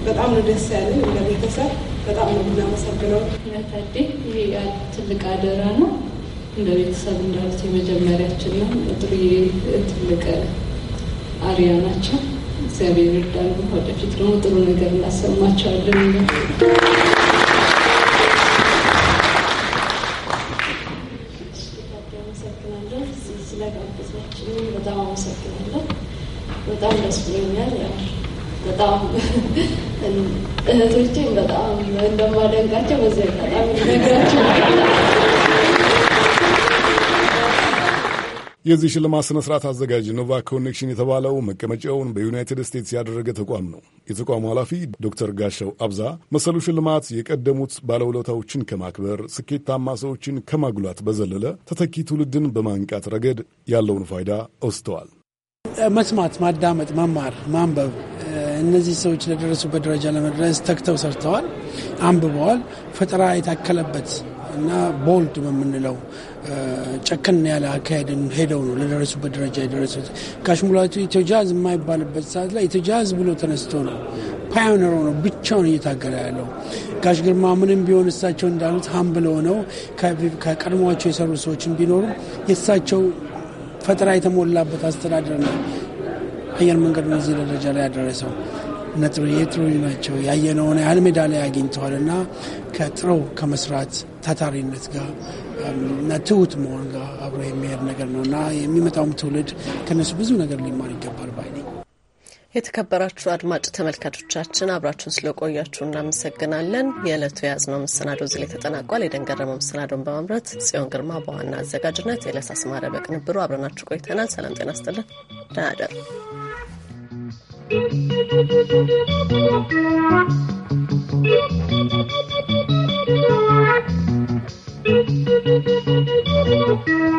በጣም ነው ደስ ያለን እንደ ቤተሰብ በጣም ነው እናመሰግነው። ነታዴ ይሄ ትልቅ አደራ ነው። እንደ ቤተሰብ እንዳሉት የመጀመሪያችን ነው። ጥሩዬ ትልቅ አሪያ ናቸው። እግዚአብሔር ይርዳሉ። ወደፊት ደግሞ ጥሩ ነገር እናሰማቸዋለን። በጣም አመሰግናለሁ። በጣም ደስ ብሎኛል። ያው በጣም እህቶቼም በጣም እንደማደንቃቸው በዚህ አጋጣሚ ነግራቸው የዚህ ሽልማት ስነ ስርዓት አዘጋጅ ኖቫ ኮኔክሽን የተባለው መቀመጫውን በዩናይትድ ስቴትስ ያደረገ ተቋም ነው። የተቋሙ ኃላፊ ዶክተር ጋሻው አብዛ መሰሉ ሽልማት የቀደሙት ባለውለታዎችን ከማክበር ስኬታማ ሰዎችን ከማጉላት በዘለለ ተተኪ ትውልድን በማንቃት ረገድ ያለውን ፋይዳ አውስተዋል። መስማት፣ ማዳመጥ፣ መማር፣ ማንበብ እነዚህ ሰዎች ለደረሱበት ደረጃ ለመድረስ ተግተው ሰርተዋል፣ አንብበዋል። ፈጠራ የታከለበት እና ቦልድ በምንለው ጨከን ያለ አካሄድን ሄደው ነው ለደረሱበት ደረጃ የደረሱት። ካሽሙላቱ ኢትዮጃዝ የማይባልበት ሰዓት ላይ ኢትዮጃዝ ብሎ ተነስቶ ነው ፓዮነሮ ነው ብቻውን እየታገለ ያለው። ጋሽ ግርማ ምንም ቢሆን እሳቸው እንዳሉት ሀም ብለው ነው ከቀድሟቸው የሰሩ ሰዎችን ቢኖሩ የእሳቸው ፈጠራ የተሞላበት አስተዳደር ነው አየር መንገድ እዚህ ደረጃ ላይ ያደረሰው። ነጥብ የጥሩ ናቸው ያየነውን ያህል ሜዳ ላይ አግኝተዋል እና ከጥረው ከመስራት ታታሪነት ጋር እና um, ትሁት መሆን ጋር አብሮ የሚሄድ ነገር ነው እና የሚመጣውም ትውልድ ከነሱ ብዙ ነገር ሊማር ይገባል ባይ የተከበራችሁ አድማጭ ተመልካቾቻችን አብራችሁን ስለቆያችሁ እናመሰግናለን። የዕለቱ የያዝነው መሰናዶ እዚህ ላይ ተጠናቋል። የደንገረመው መሰናዶን በማምረት ጽዮን ግርማ በዋና አዘጋጅነት፣ ኤልያስ አስማረ በቅንብሩ አብረናችሁ ቆይተናል። ሰላም ጤና ስጥልን። ደህና